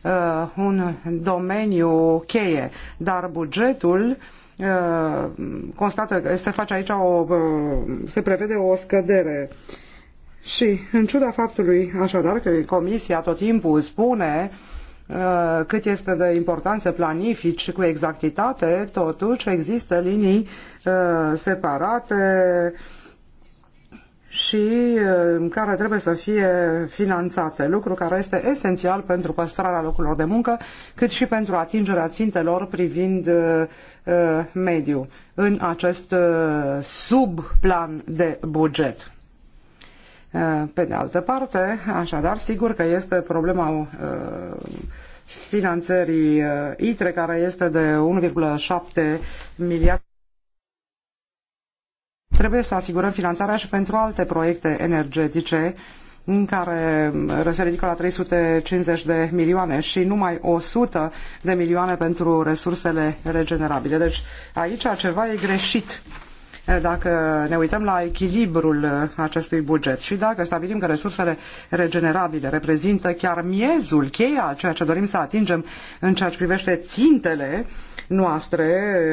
uh, un domeniu cheie, dar bugetul uh, constată că se face aici o, uh, se prevede o scădere. Și în ciuda faptului așadar că Comisia tot timpul spune uh, cât este de important să planifici cu exactitate, totuși există linii separate și uh, care trebuie să fie finanțate, lucru care este esențial pentru păstrarea locurilor de muncă, cât și pentru atingerea țintelor privind uh, uh mediu în acest uh, subplan de buget. Uh, pe de altă parte, așadar, sigur că este problema uh, finanțării ITRE, care este de 1,7 miliarde Trebuie să asigurăm finanțarea și pentru alte proiecte energetice în care se ridică la 350 de milioane și numai 100 de milioane pentru resursele regenerabile. Deci aici ceva e greșit dacă ne uităm la echilibrul uh, acestui buget și dacă stabilim că resursele regenerabile reprezintă chiar miezul, cheia a ceea ce dorim să atingem în ceea ce privește țintele noastre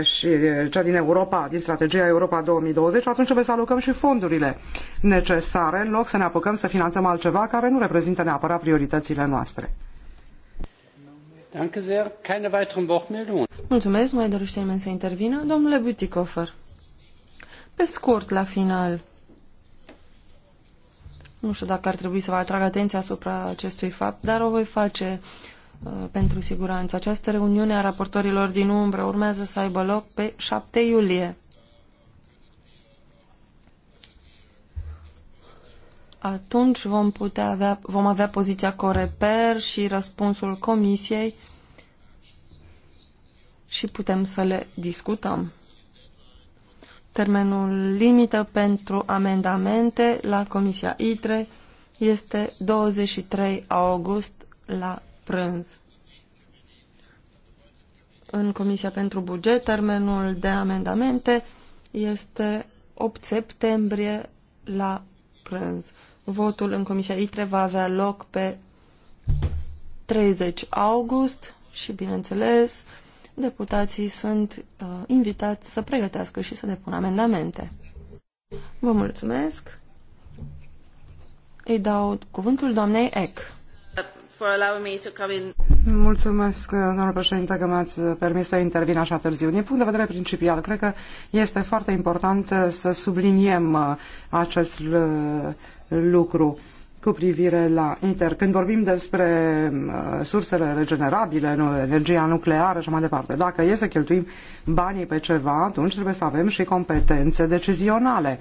și uh, cea din Europa, din strategia Europa 2020, atunci trebuie să alocăm și fondurile necesare în loc să ne apucăm să finanțăm altceva care nu reprezintă neapărat prioritățile noastre. Mulțumesc, mai dorește nimeni să intervină? Domnule Butikofer pe scurt la final. Nu știu dacă ar trebui să vă atrag atenția asupra acestui fapt, dar o voi face uh, pentru siguranță. Această reuniune a raportorilor din umbră urmează să aibă loc pe 7 iulie. Atunci vom, putea avea, vom avea poziția Coreper și răspunsul Comisiei și putem să le discutăm. Termenul limită pentru amendamente la Comisia ITRE este 23 august la prânz. În Comisia pentru Buget, termenul de amendamente este 8 septembrie la prânz. Votul în Comisia ITRE va avea loc pe 30 august și, bineînțeles, deputații sunt uh, invitați să pregătească și să depună amendamente. Vă mulțumesc. Îi dau cuvântul doamnei Eck. Mulțumesc, domnul președinte, că mi-ați permis să intervin așa târziu. Din punct de vedere principial, cred că este foarte important să subliniem uh, acest uh, lucru cu privire la inter. Când vorbim despre uh, sursele regenerabile, nu, energia nucleară și mai departe, dacă e să cheltuim banii pe ceva, atunci trebuie să avem și competențe decizionale.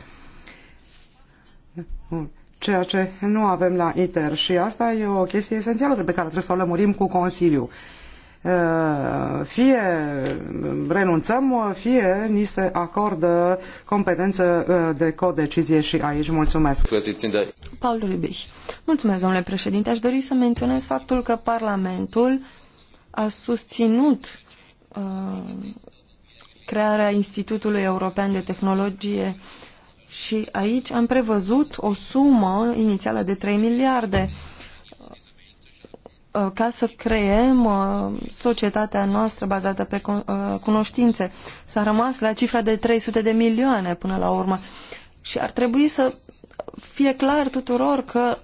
Ceea ce nu avem la ITER și asta e o chestie esențială pe care trebuie să o lămurim cu Consiliul. Uh, fie renunțăm, fie ni se acordă competență uh, de codecizie și aici mulțumesc. Paul Rubiș. Mulțumesc, domnule președinte. Aș dori să menționez faptul că Parlamentul a susținut uh, crearea Institutului European de Tehnologie și aici am prevăzut o sumă inițială de 3 miliarde uh, Uh, ca să creăm uh, societatea noastră bazată pe uh, cunoștințe. S-a rămas la cifra de 300 de milioane până la urmă. Și ar trebui să fie clar tuturor că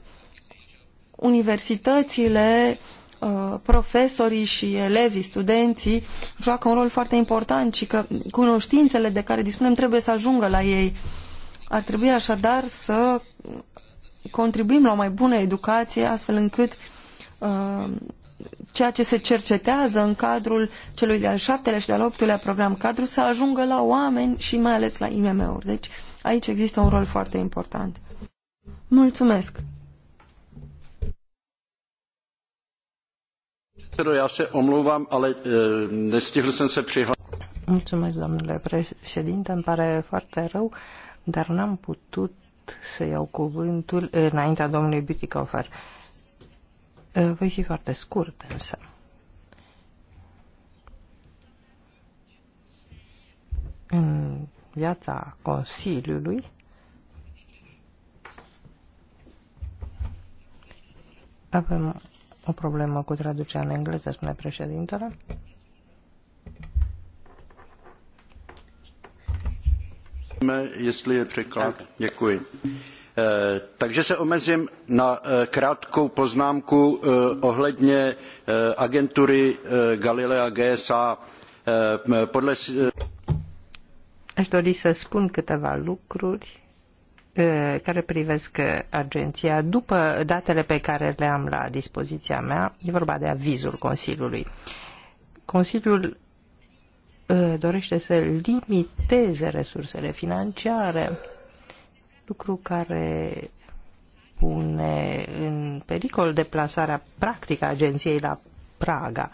universitățile, profesorii și elevii, studenții, joacă un rol foarte important și că cunoștințele de care dispunem trebuie să ajungă la ei. Ar trebui așadar să contribuim la o mai bună educație, astfel încât uh, Uh, ceea ce se cercetează în cadrul celui de-al șaptelea și de-al optulea program cadru să ajungă la oameni și mai ales la IMM-uri. Deci aici există un rol foarte important. Mulțumesc! Já se omlouvám, ale eh, nestihl jsem se přihlásit. Mulțumesc, domnule președinte, îmi pare foarte rău, dar n-am putut să iau cuvântul eh, înaintea domnului Bütikofer. Eh, voi fi foarte scurt însă. În viața Consiliului avem o problemă cu traducerea în engleză, spune președintele. Jestli je překlad. Děkuji. Da. Eh, takže se omezím na eh, krátkou poznámku eh, ohledně agentury Galilea GSA. Podle... Aș dori să spun câteva lucruri care privesc agenția. După datele pe care le am la dispoziția mea, e vorba de avizul Consiliului. Consiliul dorește să limiteze resursele financiare lucru care pune în pericol deplasarea practică a agenției la Praga.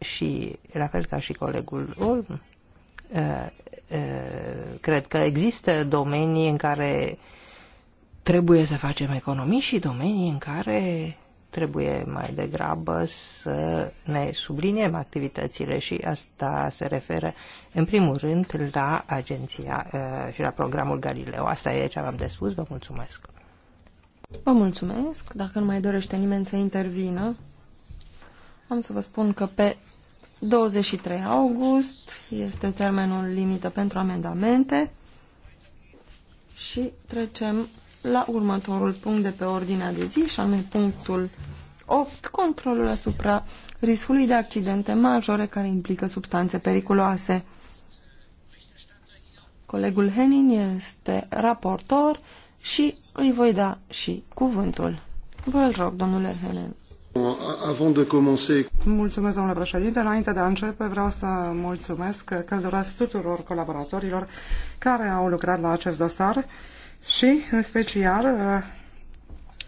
Și, la fel ca și colegul Olm, uh, uh, cred că există domenii în care trebuie să facem economii și domenii în care Trebuie mai degrabă să ne subliniem activitățile și asta se referă în primul rând la agenția uh, și la programul Galileo. Asta e ce am de spus. Vă mulțumesc. Vă mulțumesc. Dacă nu mai dorește nimeni să intervină, am să vă spun că pe 23 august este termenul limită pentru amendamente și trecem la următorul punct de pe ordinea de zi, și anume punctul 8, controlul asupra riscului de accidente majore care implică substanțe periculoase. Colegul Henin este raportor și îi voi da și cuvântul. Vă rog, domnule Henin. Mulțumesc, domnule președinte. Înainte de a începe, vreau să mulțumesc călduros tuturor colaboratorilor care au lucrat la acest dosar și, în special, uh,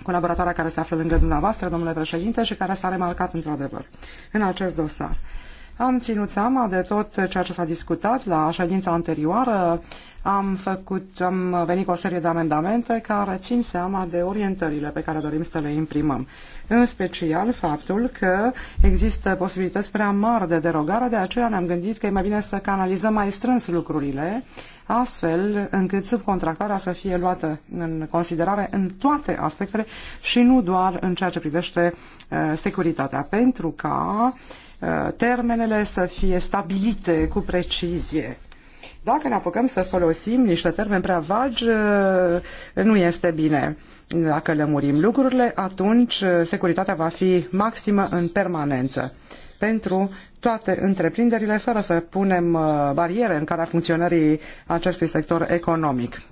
colaboratoarea care se află lângă dumneavoastră, domnule președinte, și care s-a remarcat într-adevăr în acest dosar. Am ținut seama de tot ceea ce s-a discutat la ședința anterioară, am, făcut, am venit cu o serie de amendamente care țin seama de orientările pe care dorim să le imprimăm. În special faptul că există posibilități prea mari de derogare, de aceea ne-am gândit că e mai bine să canalizăm mai strâns lucrurile, astfel încât subcontractarea să fie luată în considerare în toate aspectele și nu doar în ceea ce privește uh, securitatea, pentru ca uh, termenele să fie stabilite cu precizie dacă ne apucăm să folosim niște termeni prea vagi, uh, nu este bine. Dacă lămurim lucrurile, atunci uh, securitatea va fi maximă în permanență pentru toate întreprinderile, fără să punem uh, bariere în calea funcționării acestui sector economic.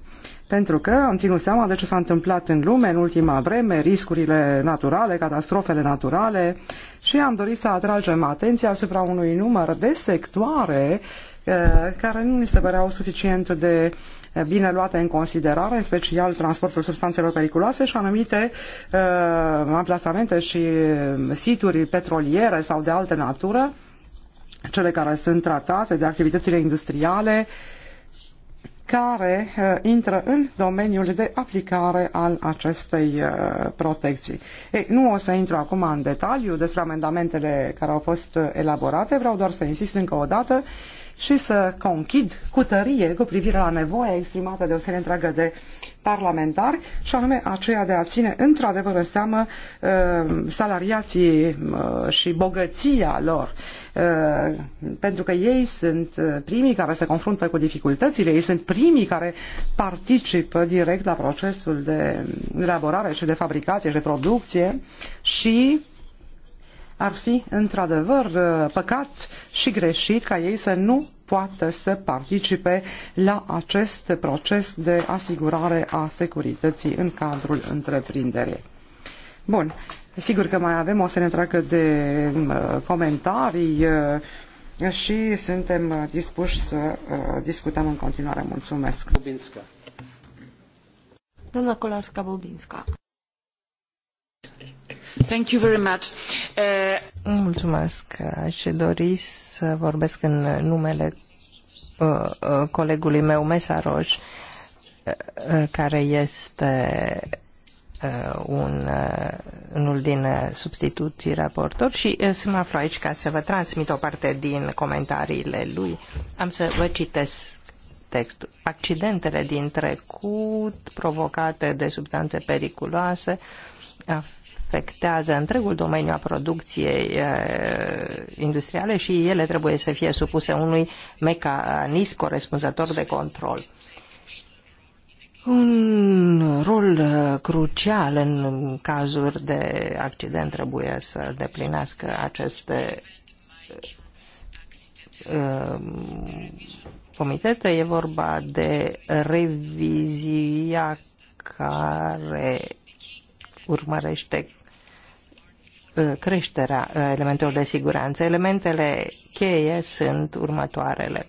Pentru că am ținut seama de ce s-a întâmplat în lume în ultima vreme, riscurile naturale, catastrofele naturale și am dorit să atragem atenția asupra unui număr de sectoare uh, Eh, care nu ni se păreau suficient de eh, bine luate în considerare, în special transportul substanțelor periculoase și anumite uh, amplasamente și situri petroliere sau de altă natură, cele care sunt tratate de activitățile industriale, care uh, intră în domeniul de aplicare al acestei uh, protecții. Ei, nu o să intru acum în detaliu despre amendamentele care au fost elaborate, vreau doar să insist încă o dată uh, și să conchid cu tărie cu privire la nevoia exprimată de o serie întreagă de parlamentari și anume aceea de a ține într-adevăr seamă uh, salariații uh, și bogăția lor uh, pentru că ei sunt primii care se confruntă cu dificultățile, ei sunt primii care participă direct la procesul de elaborare și de fabricație și de producție și ar fi într-adevăr uh, păcat și greșit ca ei să nu poată să participe la acest proces de asigurare a securității în cadrul întreprinderii. Bun, sigur că mai avem o să ne întreagă de uh, comentarii uh, și suntem dispuși să discutăm în continuare. Mulțumesc! Bubinska. Doamna colarska bubinska Uh, mulțumesc. Aș dori să vorbesc în numele uh, uh, colegului meu, Mesaroș, care este un, unul din substituții raportor și să mă aflu aici ca să vă transmit o parte din comentariile lui. Am să vă citesc textul. Accidentele din trecut provocate de substanțe periculoase afectează întregul domeniu a producției industriale și ele trebuie să fie supuse unui mecanism corespunzător de control. Un rol crucial în cazuri de accident trebuie să deplinească aceste comitete. E vorba de revizia care urmărește Uh, creșterea uh, elementelor de siguranță. Elementele cheie sunt următoarele.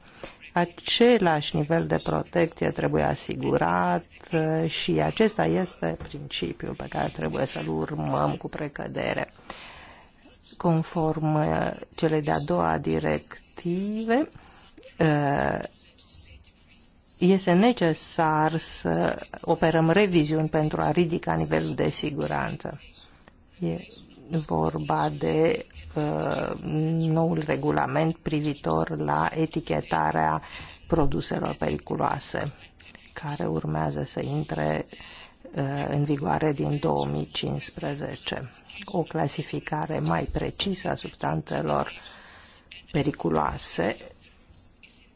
Același nivel de protecție trebuie asigurat uh, și acesta este principiul pe care trebuie să-l urmăm cu precădere. Conform cele de-a doua directive, este necesar să operăm reviziuni pentru a ridica nivelul de siguranță. E vorba de uh, noul regulament privitor la etichetarea produselor periculoase, care urmează să intre uh, în vigoare din 2015. O clasificare mai precisă a substanțelor periculoase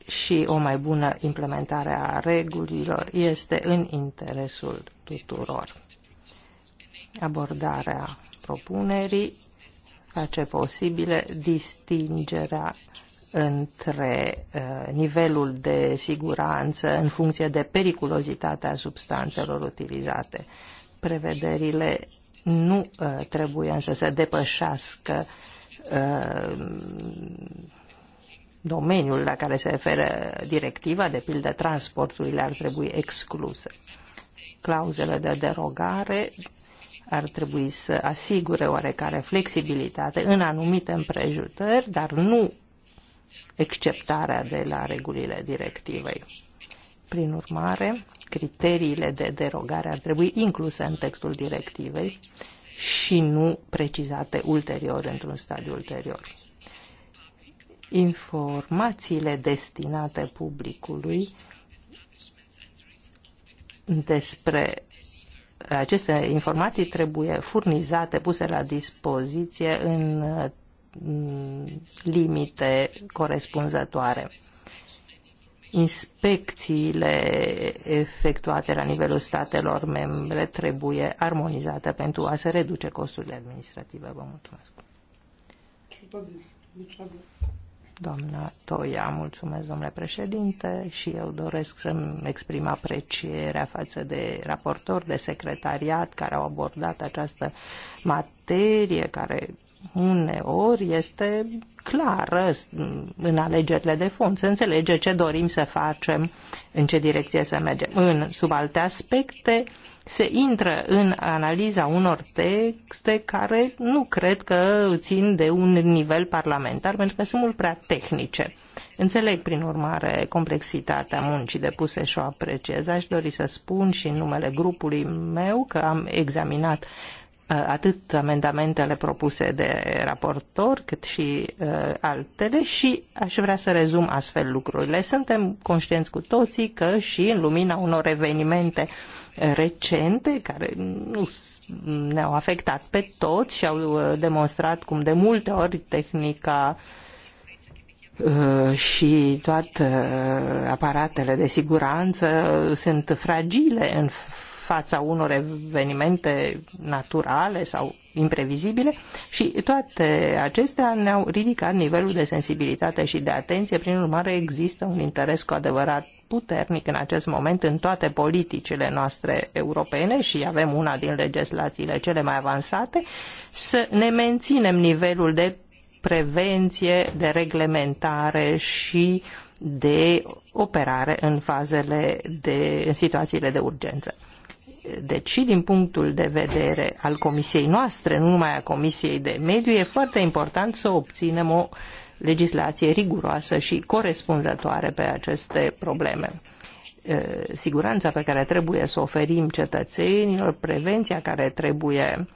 și o mai bună implementare a regulilor este în interesul tuturor. Abordarea propunerii face posibile distingerea între uh, nivelul de siguranță în funcție de periculozitatea substanțelor utilizate. Prevederile nu uh, trebuie însă să depășească uh, domeniul la care se referă directiva, de pildă transporturile ar trebui excluse. Clauzele de derogare ar trebui să asigure oarecare flexibilitate în anumite împrejutări, dar nu exceptarea de la regulile directivei. Prin urmare, criteriile de derogare ar trebui incluse în textul directivei și nu precizate ulterior într-un stadiu ulterior. Informațiile destinate publicului despre aceste informații trebuie furnizate, puse la dispoziție în limite corespunzătoare. Inspecțiile efectuate la nivelul statelor membre trebuie armonizate pentru a se reduce costurile administrative. Vă mulțumesc. Doamna Toia, mulțumesc, domnule președinte, și eu doresc să-mi exprim aprecierea față de raportori, de secretariat care au abordat această materie, care uneori este clară în alegerile de fond, să înțelege ce dorim să facem, în ce direcție să mergem. În sub alte aspecte, uh, se intră în analiza unor texte care nu cred că țin de un nivel parlamentar, pentru că sunt mult prea tehnice. Înțeleg, prin urmare, complexitatea muncii depuse și o apreciez. Aș dori să spun și în numele grupului meu că am examinat uh, atât amendamentele propuse de raportor, cât și uh, altele și aș vrea să rezum astfel lucrurile. Suntem conștienți cu toții că și în lumina unor evenimente uh, recente care nu ne-au afectat pe toți și au uh, demonstrat cum de multe ori tehnica uh, și toate uh, aparatele de siguranță sunt fragile în fața unor evenimente naturale sau imprevizibile și toate acestea ne-au ridicat nivelul de sensibilitate și de atenție. Prin urmare, există un interes cu adevărat puternic în acest moment în toate politicile noastre europene și avem una din legislațiile cele mai avansate, să ne menținem nivelul de prevenție, de reglementare și de operare în fazele de în situațiile de urgență. Deci din punctul de vedere al comisiei noastre, nu numai a comisiei de mediu, e foarte important să obținem o legislație riguroasă și corespunzătoare pe aceste probleme. Siguranța pe care trebuie să o oferim cetățenilor, prevenția care trebuie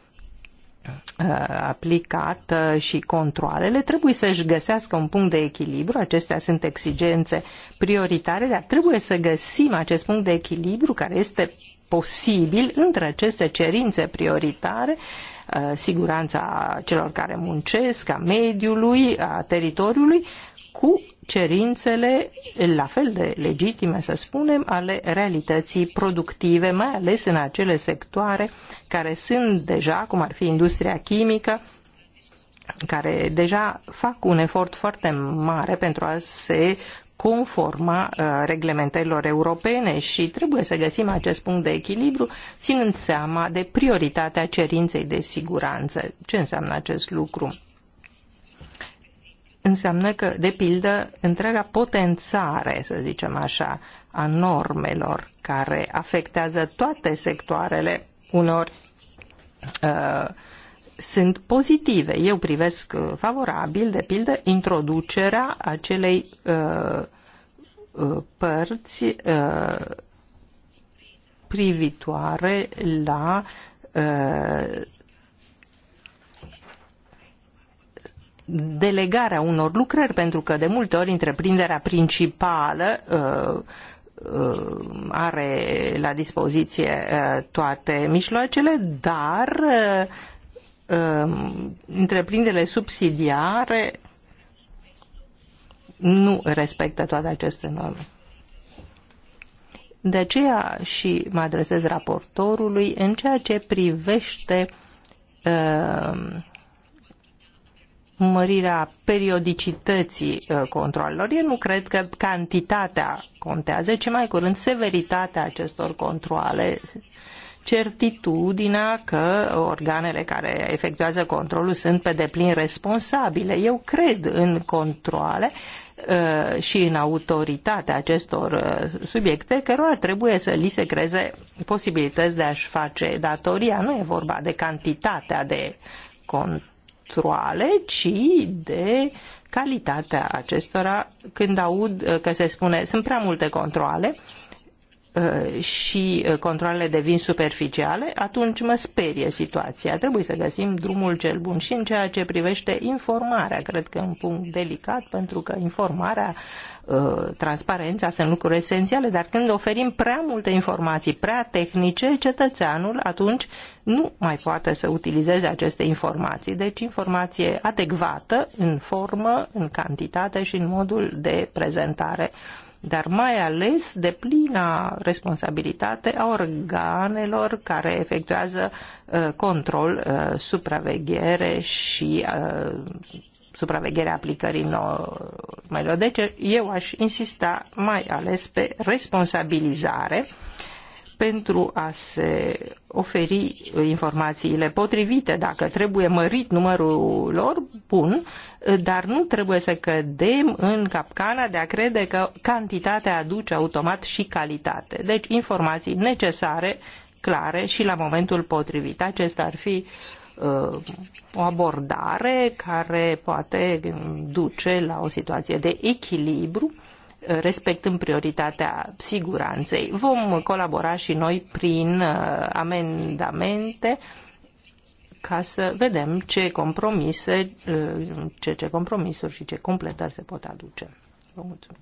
aplicată și controlele trebuie să-și găsească un punct de echilibru, acestea sunt exigențe prioritare, dar trebuie să găsim acest punct de echilibru care este posibil între aceste cerințe prioritare uh, siguranța celor care muncesc, a mediului, a teritoriului, cu cerințele la fel de legitime, să spunem, ale realității productive, mai ales în acele sectoare care sunt deja, cum ar fi industria chimică, care deja fac un efort foarte mare pentru a se conforma uh, reglementărilor europene și trebuie să găsim acest punct de echilibru ținând seama de prioritatea cerinței de siguranță. Ce înseamnă acest lucru? Înseamnă că, de pildă, întreaga potențare, să zicem așa, a normelor care afectează toate sectoarele, uneori uh, sunt pozitive. Eu privesc uh, favorabil, de pildă, introducerea acelei uh, uh părți uh, privitoare la uh, delegarea unor lucrări, pentru că de multe ori întreprinderea principală are la dispoziție toate mijloacele, dar Um, întreprinderile subsidiare nu respectă toate aceste norme. De aceea și mă adresez raportorului în ceea ce privește uh, mărirea periodicității uh, controlelor. Eu nu cred că cantitatea contează, ci mai curând severitatea acestor controle certitudinea că organele care efectuează controlul sunt pe deplin responsabile. Eu cred în controle uh, și în autoritatea acestor uh, subiecte, cărora trebuie să li se creeze posibilități de a-și face datoria. Nu e vorba de cantitatea de controle, ci de calitatea acestora. Când aud uh, că se spune sunt prea multe controle, uh, Uh, și uh, controlele devin superficiale, atunci mă sperie situația. Trebuie să găsim drumul cel bun și în ceea ce privește informarea. Cred că e un punct delicat pentru că informarea, uh, transparența sunt lucruri esențiale, dar când oferim prea multe informații, prea tehnice, cetățeanul atunci nu mai poate să utilizeze aceste informații. Deci informație adecvată în formă, în cantitate și în modul de prezentare dar mai ales de plina responsabilitate a organelor care efectuează uh, control, uh, supraveghere și uh, supraveghere supravegherea aplicării normelor. Deci eu aș insista mai ales pe responsabilizare pentru a se oferi uh, informațiile potrivite. Dacă trebuie mărit numărul lor, bun, uh, dar nu trebuie să cădem în capcana de a crede că cantitatea aduce automat și calitate. Deci informații necesare, clare și la momentul potrivit. Acesta ar fi uh, o abordare care poate uh, duce la o situație de echilibru respectând prioritatea siguranței. Vom colabora și noi prin uh, amendamente ca să vedem ce compromise, uh, ce, ce compromisuri și ce completări se pot aduce. Vă mulțumesc.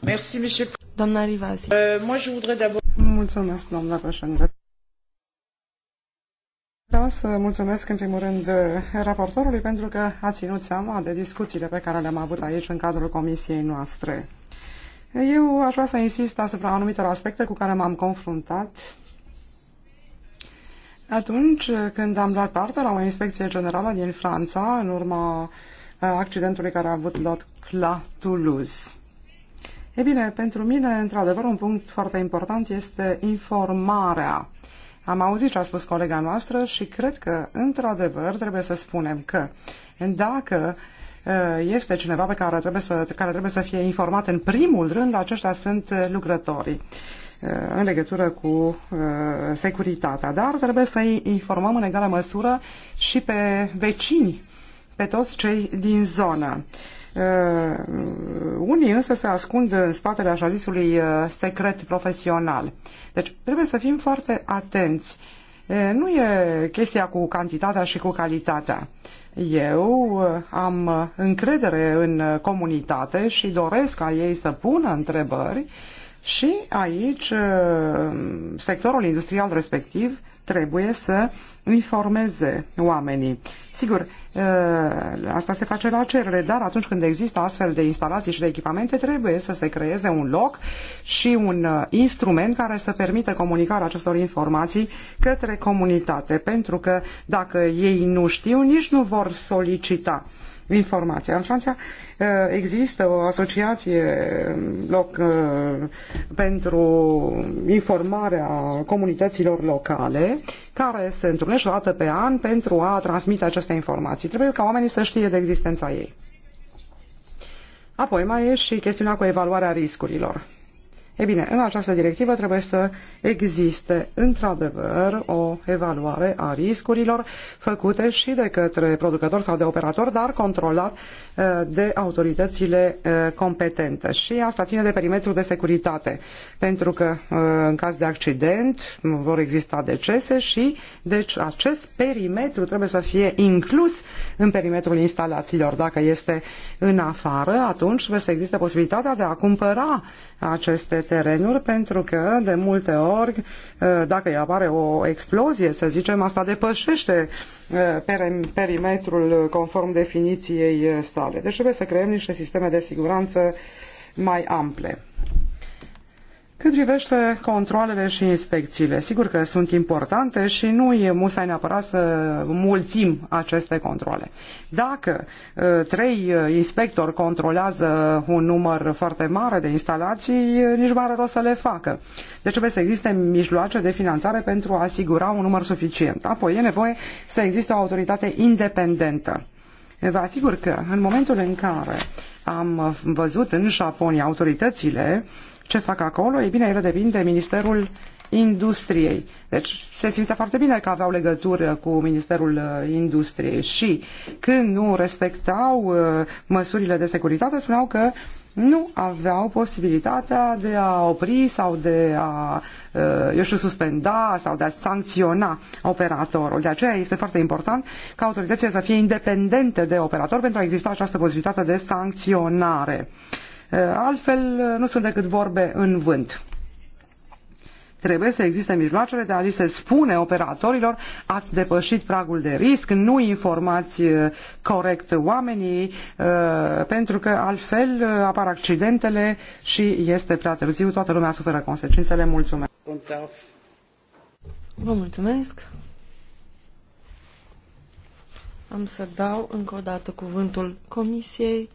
Merci, monsieur. Doamna Rivasi. Uh, moi, je voudrais d'abord... Mulțumesc, doamna președinte. Vreau să mulțumesc în primul rând raportorului pentru că a ținut seama de discuțiile pe care le-am avut aici în cadrul comisiei noastre. Eu aș vrea să insist asupra anumitor aspecte cu care m-am confruntat atunci când am dat parte la o inspecție generală din Franța în urma uh, accidentului care a avut loc la Toulouse. E bine, pentru mine, într-adevăr, un punct foarte important este informarea am auzit ce a spus colega noastră și cred că, într-adevăr, trebuie să spunem că dacă este cineva pe care trebuie, să, care trebuie să fie informat în primul rând, aceștia sunt lucrătorii în legătură cu securitatea. Dar trebuie să-i informăm în egală măsură și pe vecini, pe toți cei din zonă. Uh, unii însă se ascund în spatele așa zisului uh, secret profesional. Deci trebuie să fim foarte atenți. Uh, nu e chestia cu cantitatea și cu calitatea. Eu am încredere în comunitate și doresc ca ei să pună întrebări și aici sectorul industrial respectiv trebuie să informeze oamenii. Sigur, Eh, asta se face la cerere, dar atunci când există astfel de instalații și de echipamente, trebuie să se creeze un loc și un eh, instrument care să permită comunicarea acestor informații către comunitate, pentru că dacă ei nu știu, nici nu vor solicita informația. În Franța uh, există o asociație um, loc, uh, pentru informarea comunităților locale care se întâlnește o dată pe an pentru a transmite aceste informații. Trebuie ca oamenii să știe de existența ei. Apoi mai e și chestiunea cu evaluarea riscurilor. E bine, în această directivă trebuie să existe într-adevăr o evaluare a riscurilor făcute și de către producător sau de operator, dar controlat uh, de autoritățile uh, competente. Și asta ține de perimetrul de securitate, pentru că uh, în caz de accident vor exista decese și deci acest perimetru trebuie să fie inclus în perimetrul instalațiilor, dacă este în afară, atunci trebuie să există posibilitatea de a cumpăra aceste terenuri, pentru că de multe ori, uh, dacă apare o explozie, să zicem, asta depășește uh, perimetrul conform definiției sale. Deci trebuie să creăm niște sisteme de siguranță mai ample. Cât privește controlele și inspecțiile, sigur că sunt importante și nu e musai neapărat să mulțim aceste controle. Dacă ă, trei ă, inspectori controlează un număr foarte mare de instalații, ă, nici mare rost să le facă. Deci trebuie să existe mijloace de finanțare pentru a asigura un număr suficient. Apoi e nevoie să existe o autoritate independentă. Vă asigur că în momentul în care am văzut în Japonia autoritățile, ce fac acolo? Ei bine, ele depind de Ministerul Industriei. Deci se simțea foarte bine că aveau legătură cu Ministerul uh, Industriei și când nu respectau uh, măsurile de securitate, spuneau că nu aveau posibilitatea de a opri sau de a, uh, eu știu, suspenda sau de a sancționa operatorul. De aceea este foarte important ca autoritățile să fie independente de operator pentru a exista această posibilitate de sancționare. Eh, altfel, eh, nu sunt decât vorbe în vânt. Trebuie să existe mijloacele de a li se spune operatorilor ați depășit pragul de risc, nu informați eh, corect oamenii, pentru că altfel apar accidentele și este prea târziu, toată lumea suferă consecințele. Mulțumesc! Vă mulțumesc! Am să dau încă o dată cuvântul Comisiei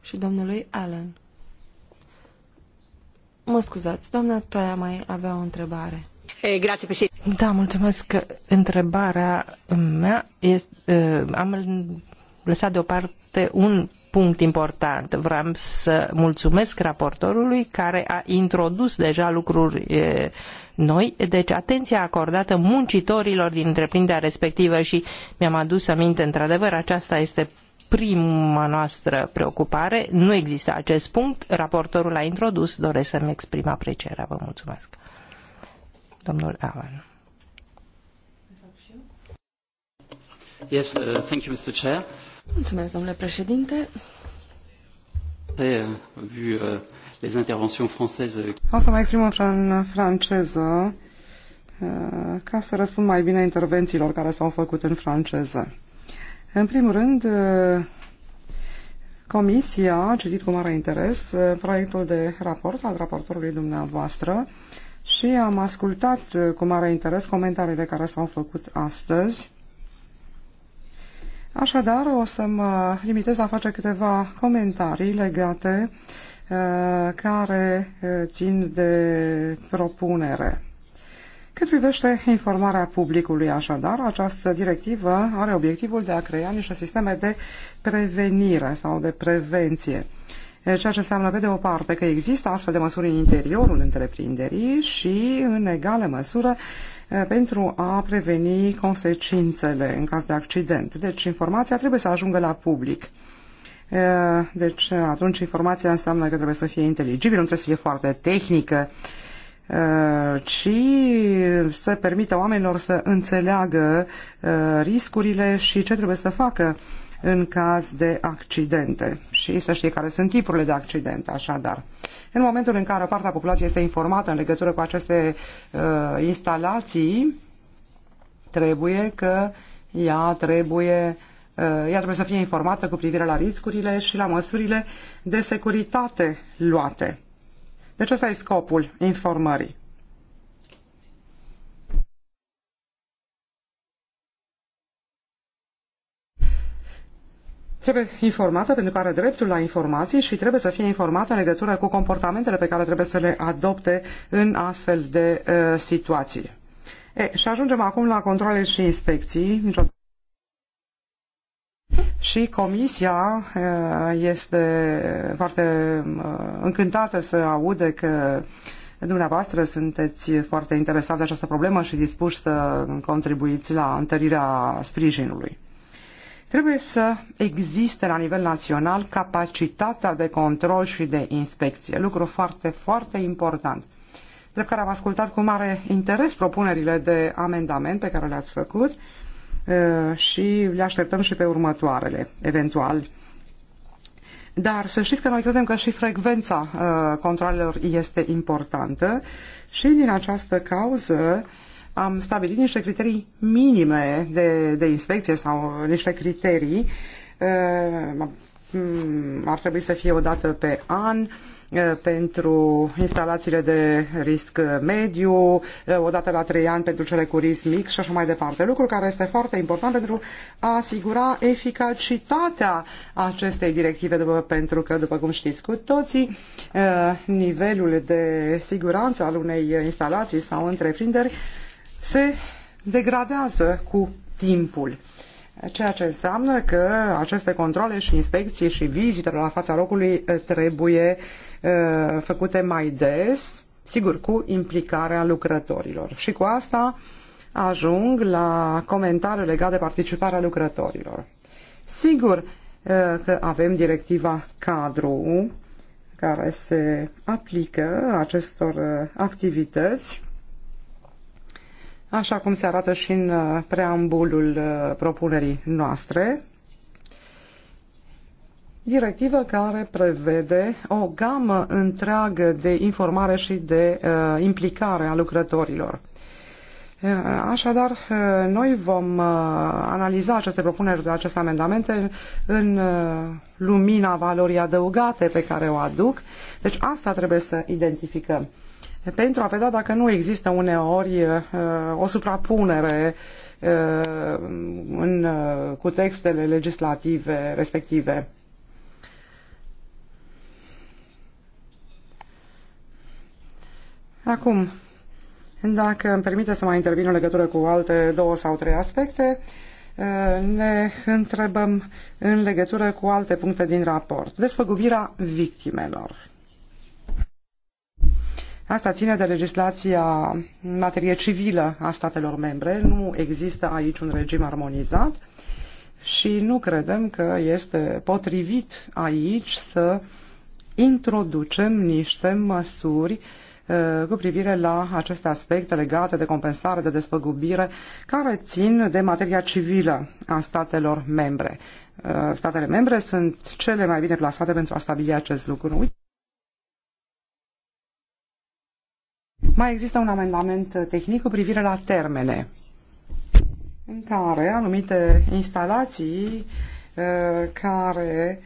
și domnului Allen. Mă scuzați, doamna Toia mai avea o întrebare. Eh, grazie, președinte. Da, mulțumesc. Întrebarea mea este... Eh, am lăsat deoparte un punct important. Vreau să mulțumesc raportorului care a introdus deja lucruri eh, noi, deci atenția acordată muncitorilor din întreprinderea respectivă și mi-am adus aminte, într-adevăr, aceasta este prima noastră preocupare. Nu există acest punct. Raportorul a introdus. Doresc să-mi exprim aprecierea. Vă mulțumesc. Domnul Alan. Yes, uh, thank you, Mr. Chair. Mulțumesc, domnule președinte. Euh, vu euh, euh, O să mă exprim în franceză uh, ca să răspund mai bine intervențiilor care s-au făcut în franceză. În primul rând, uh, Comisia a citit cu mare interes uh, proiectul de raport al raportorului dumneavoastră și am ascultat uh, cu mare interes comentariile care s-au făcut astăzi. Așadar, o să mă limitez a face câteva comentarii legate care țin de propunere. Cât privește informarea publicului, așadar, această directivă are obiectivul de a crea niște sisteme de prevenire sau de prevenție. Ceea ce înseamnă, pe de o parte, că există astfel de măsuri în interiorul întreprinderii și, în egală măsură, pentru a preveni consecințele în caz de accident. Deci, informația trebuie să ajungă la public. Deci, atunci, informația înseamnă că trebuie să fie inteligibilă, nu trebuie să fie foarte tehnică, Uh, ci să permită oamenilor să înțeleagă uh, riscurile și ce trebuie să facă în caz de accidente și să știe care sunt tipurile de accidente, așadar. În momentul în care partea populației este informată în legătură cu aceste uh, instalații, trebuie că ea trebuie, uh, ea trebuie să fie informată cu privire la riscurile și la măsurile de securitate luate. Deci ăsta e scopul informării. Trebuie informată pentru că are dreptul la informații și trebuie să fie informată în legătură cu comportamentele pe care trebuie să le adopte în astfel de uh, situații. E, și ajungem acum la controle și inspecții. Și comisia eh, este foarte eh, încântată să audă că dumneavoastră sunteți foarte interesați de această problemă și dispuși să contribuiți la întărirea sprijinului. Trebuie să existe la nivel național capacitatea de control și de inspecție, lucru foarte, foarte important. Drept care am ascultat cu mare interes propunerile de amendament pe care le-ați făcut Uh, și le așteptăm și pe următoarele, eventual. Dar să știți că noi credem că și frecvența uh, controlelor este importantă și din această cauză am stabilit niște criterii minime de, de inspecție sau niște criterii uh, Mm, ar trebui să fie o dată pe an uh, pentru instalațiile de risc mediu, uh, o dată la trei ani pentru cele cu risc mic și așa mai departe. Lucru care este foarte important pentru a asigura eficacitatea acestei directive, după, pentru că, după cum știți cu toții, uh, nivelul de siguranță al unei instalații sau întreprinderi se degradează cu timpul. Ceea ce înseamnă că aceste controle și inspecții și vizitele la fața locului eh, trebuie eh, făcute mai des, sigur, cu implicarea lucrătorilor. Și cu asta ajung la comentariul legat de participarea lucrătorilor. Sigur eh, că avem directiva cadru care se aplică acestor activități așa cum se arată și în uh, preambulul uh, propunerii noastre, directivă care prevede o gamă întreagă de informare și de uh, implicare a lucrătorilor. Uh, așadar, noi vom analiza aceste propuneri de aceste amendamente în lumina valorii adăugate pe care o aduc. Deci asta trebuie să identificăm pentru a vedea dacă nu există uneori uh, o suprapunere uh, în, uh, cu textele legislative respective. Acum, dacă îmi permite să mai intervin în legătură cu alte două sau trei aspecte, ne întrebăm în legătură cu alte puncte din raport. Despăgubirea victimelor. Asta ține de legislația în materie civilă a statelor membre. Nu există aici un regim armonizat și nu credem că este potrivit aici să introducem niște măsuri uh, cu privire la aceste aspecte legate de compensare, de despăgubire, care țin de materia civilă a statelor membre. Uh, statele membre sunt cele mai bine plasate pentru a stabili acest lucru. Uite. Mai există un amendament tehnic cu privire la termene, în care anumite instalații uh, care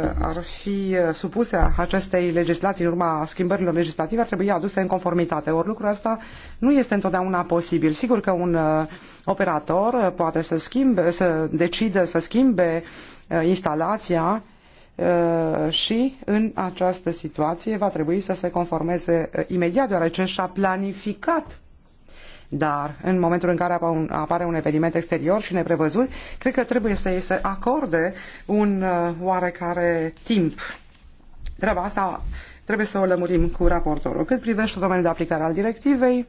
uh, ar fi uh, supuse acestei legislații în urma schimbărilor legislative ar trebui aduse în conformitate. Ori lucrul asta nu este întotdeauna posibil. Sigur că un operator poate să schimbe, să decide să schimbe instalația Uh, și în această situație va trebui să se conformeze uh, imediat, deoarece și-a planificat dar în momentul în care apare un eveniment exterior și neprevăzut, cred că trebuie să îi se acorde un uh, oarecare timp. Treaba asta trebuie să o lămurim cu raportorul. Cât privește domeniul de aplicare al directivei,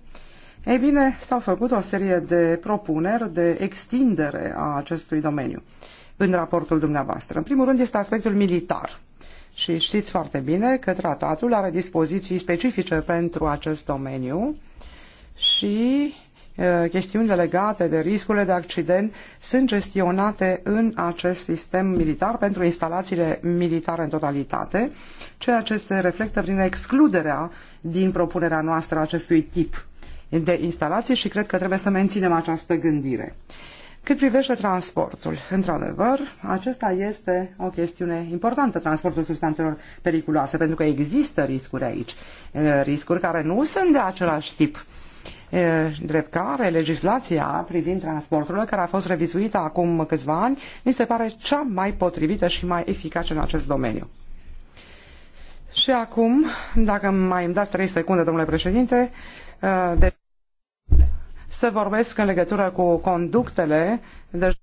ei bine, s-au făcut o serie de propuneri de extindere a acestui domeniu în raportul dumneavoastră. În primul rând este aspectul militar. Și știți foarte bine că tratatul are dispoziții specifice pentru acest domeniu și chestiunile legate de riscurile de accident sunt gestionate în acest sistem militar pentru instalațiile militare în totalitate, ceea ce se reflectă prin excluderea din propunerea noastră acestui tip de instalații și cred că trebuie să menținem această gândire. Cât privește transportul, într-adevăr, acesta este o chestiune importantă, transportul substanțelor periculoase, pentru că există riscuri aici, riscuri care nu sunt de același tip. Drept care, legislația privind transportul, care a fost revizuită acum câțiva ani, mi se pare cea mai potrivită și mai eficace în acest domeniu. Și acum, dacă mai îmi dați 3 secunde, domnule președinte, de să vorbesc în legătură cu conductele. Deci,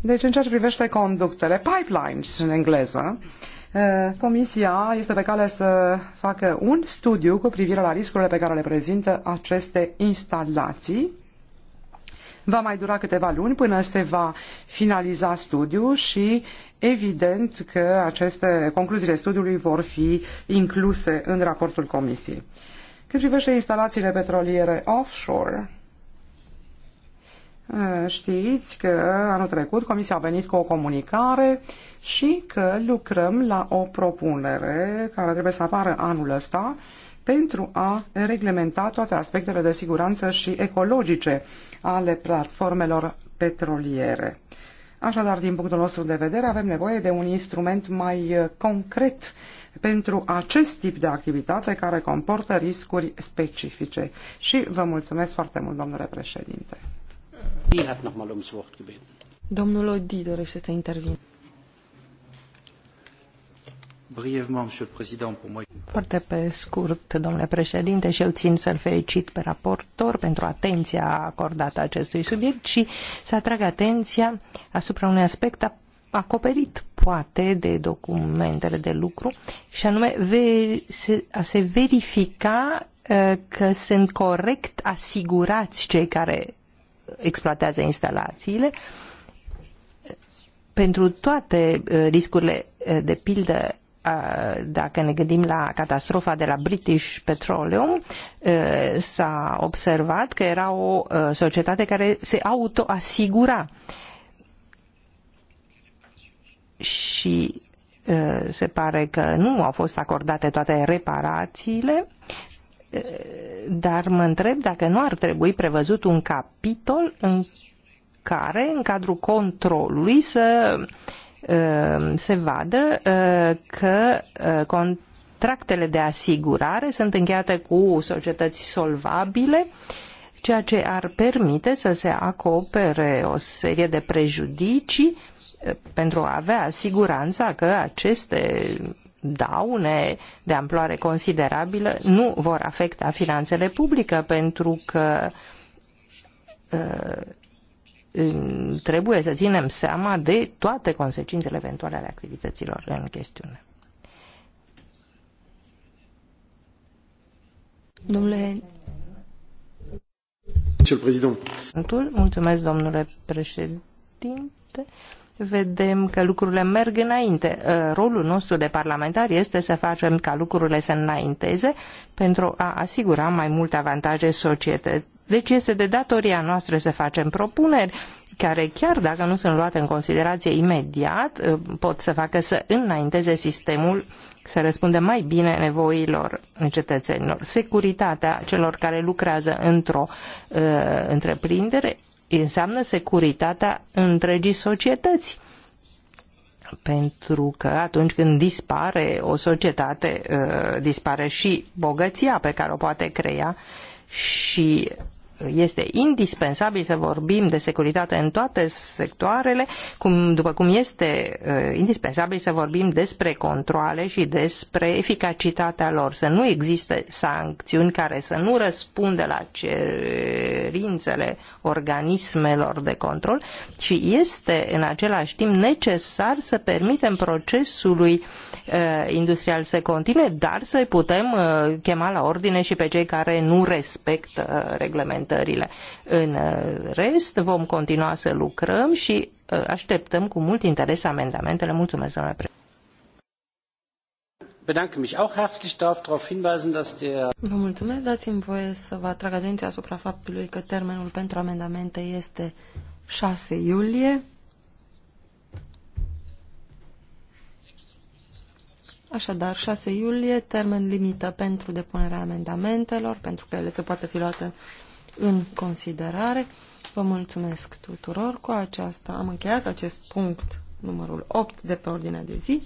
deci în ceea ce privește conductele, pipelines în engleză, eh, Comisia este pe cale să facă un studiu cu privire la riscurile pe care le prezintă aceste instalații. Va mai dura câteva luni până se va finaliza studiul și evident că aceste concluziile studiului vor fi incluse în raportul Comisiei. Cât privește instalațiile petroliere offshore, Știți că anul trecut Comisia a venit cu o comunicare și că lucrăm la o propunere care trebuie să apară anul ăsta pentru a reglementa toate aspectele de siguranță și ecologice ale platformelor petroliere. Așadar, din punctul nostru de vedere, avem nevoie de un instrument mai concret pentru acest tip de activitate care comportă riscuri specifice. Și vă mulțumesc foarte mult, domnule președinte. Domnul Odi dorește să intervină. Foarte pe scurt, domnule președinte, și eu țin să-l felicit pe raportor pentru atenția acordată acestui subiect și să atrag atenția asupra unui aspect acoperit poate de documentele de lucru și anume a se verifica uh, că sunt corect asigurați cei care exploatează instalațiile pentru toate uh, riscurile, uh, de pildă dacă ne gândim la catastrofa de la British Petroleum, s-a observat că era o societate care se autoasigura și se pare că nu au fost acordate toate reparațiile, dar mă întreb dacă nu ar trebui prevăzut un capitol în care, în cadrul controlului, să se vadă că contractele de asigurare sunt încheiate cu societăți solvabile, ceea ce ar permite să se acopere o serie de prejudicii pentru a avea siguranța că aceste daune de amploare considerabilă nu vor afecta finanțele publice pentru că uh, trebuie să ținem seama de toate consecințele eventuale ale activităților în chestiune. Domnule Mulțumesc, domnule președinte vedem că lucrurile merg înainte. Uh, rolul nostru de parlamentar este să facem ca lucrurile să înainteze pentru a asigura mai multe avantaje societății. Deci este de datoria noastră să facem propuneri care chiar dacă nu sunt luate în considerație imediat, uh, pot să facă să înainteze sistemul să răspundă mai bine nevoilor cetățenilor. Securitatea celor care lucrează într-o uh, întreprindere înseamnă securitatea întregii societăți. Pentru că atunci când dispare o societate, uh, dispare și bogăția pe care o poate crea și este indispensabil să vorbim de securitate în toate sectoarele, cum, după cum este uh, indispensabil să vorbim despre controle și despre eficacitatea lor, să nu existe sancțiuni care să nu răspundă la cerințele organismelor de control și este în același timp necesar să permitem procesului uh, industrial să continue, dar să-i putem uh, chema la ordine și pe cei care nu respectă uh, reglementul orientările. În uh, rest, vom continua să lucrăm și uh, așteptăm cu mult interes amendamentele. Mulțumesc, domnule președinte. Bedanke mich auch herzlich, darf darauf hinweisen, dass der... Vă mulțumesc, dați-mi voie să vă atrag atenția asupra faptului că termenul pentru amendamente este 6 iulie. Așadar, 6 iulie, termen limită pentru depunerea amendamentelor, pentru că ele se poate fi luate în considerare. Vă mulțumesc tuturor. Cu aceasta am încheiat acest punct numărul 8 de pe ordinea de zi.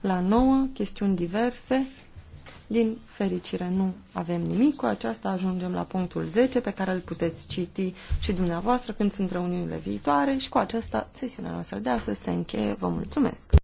La 9, chestiuni diverse. Din fericire nu avem nimic. Cu aceasta ajungem la punctul 10 pe care îl puteți citi și dumneavoastră când sunt reuniunile viitoare și cu aceasta sesiunea noastră de astăzi se încheie. Vă mulțumesc!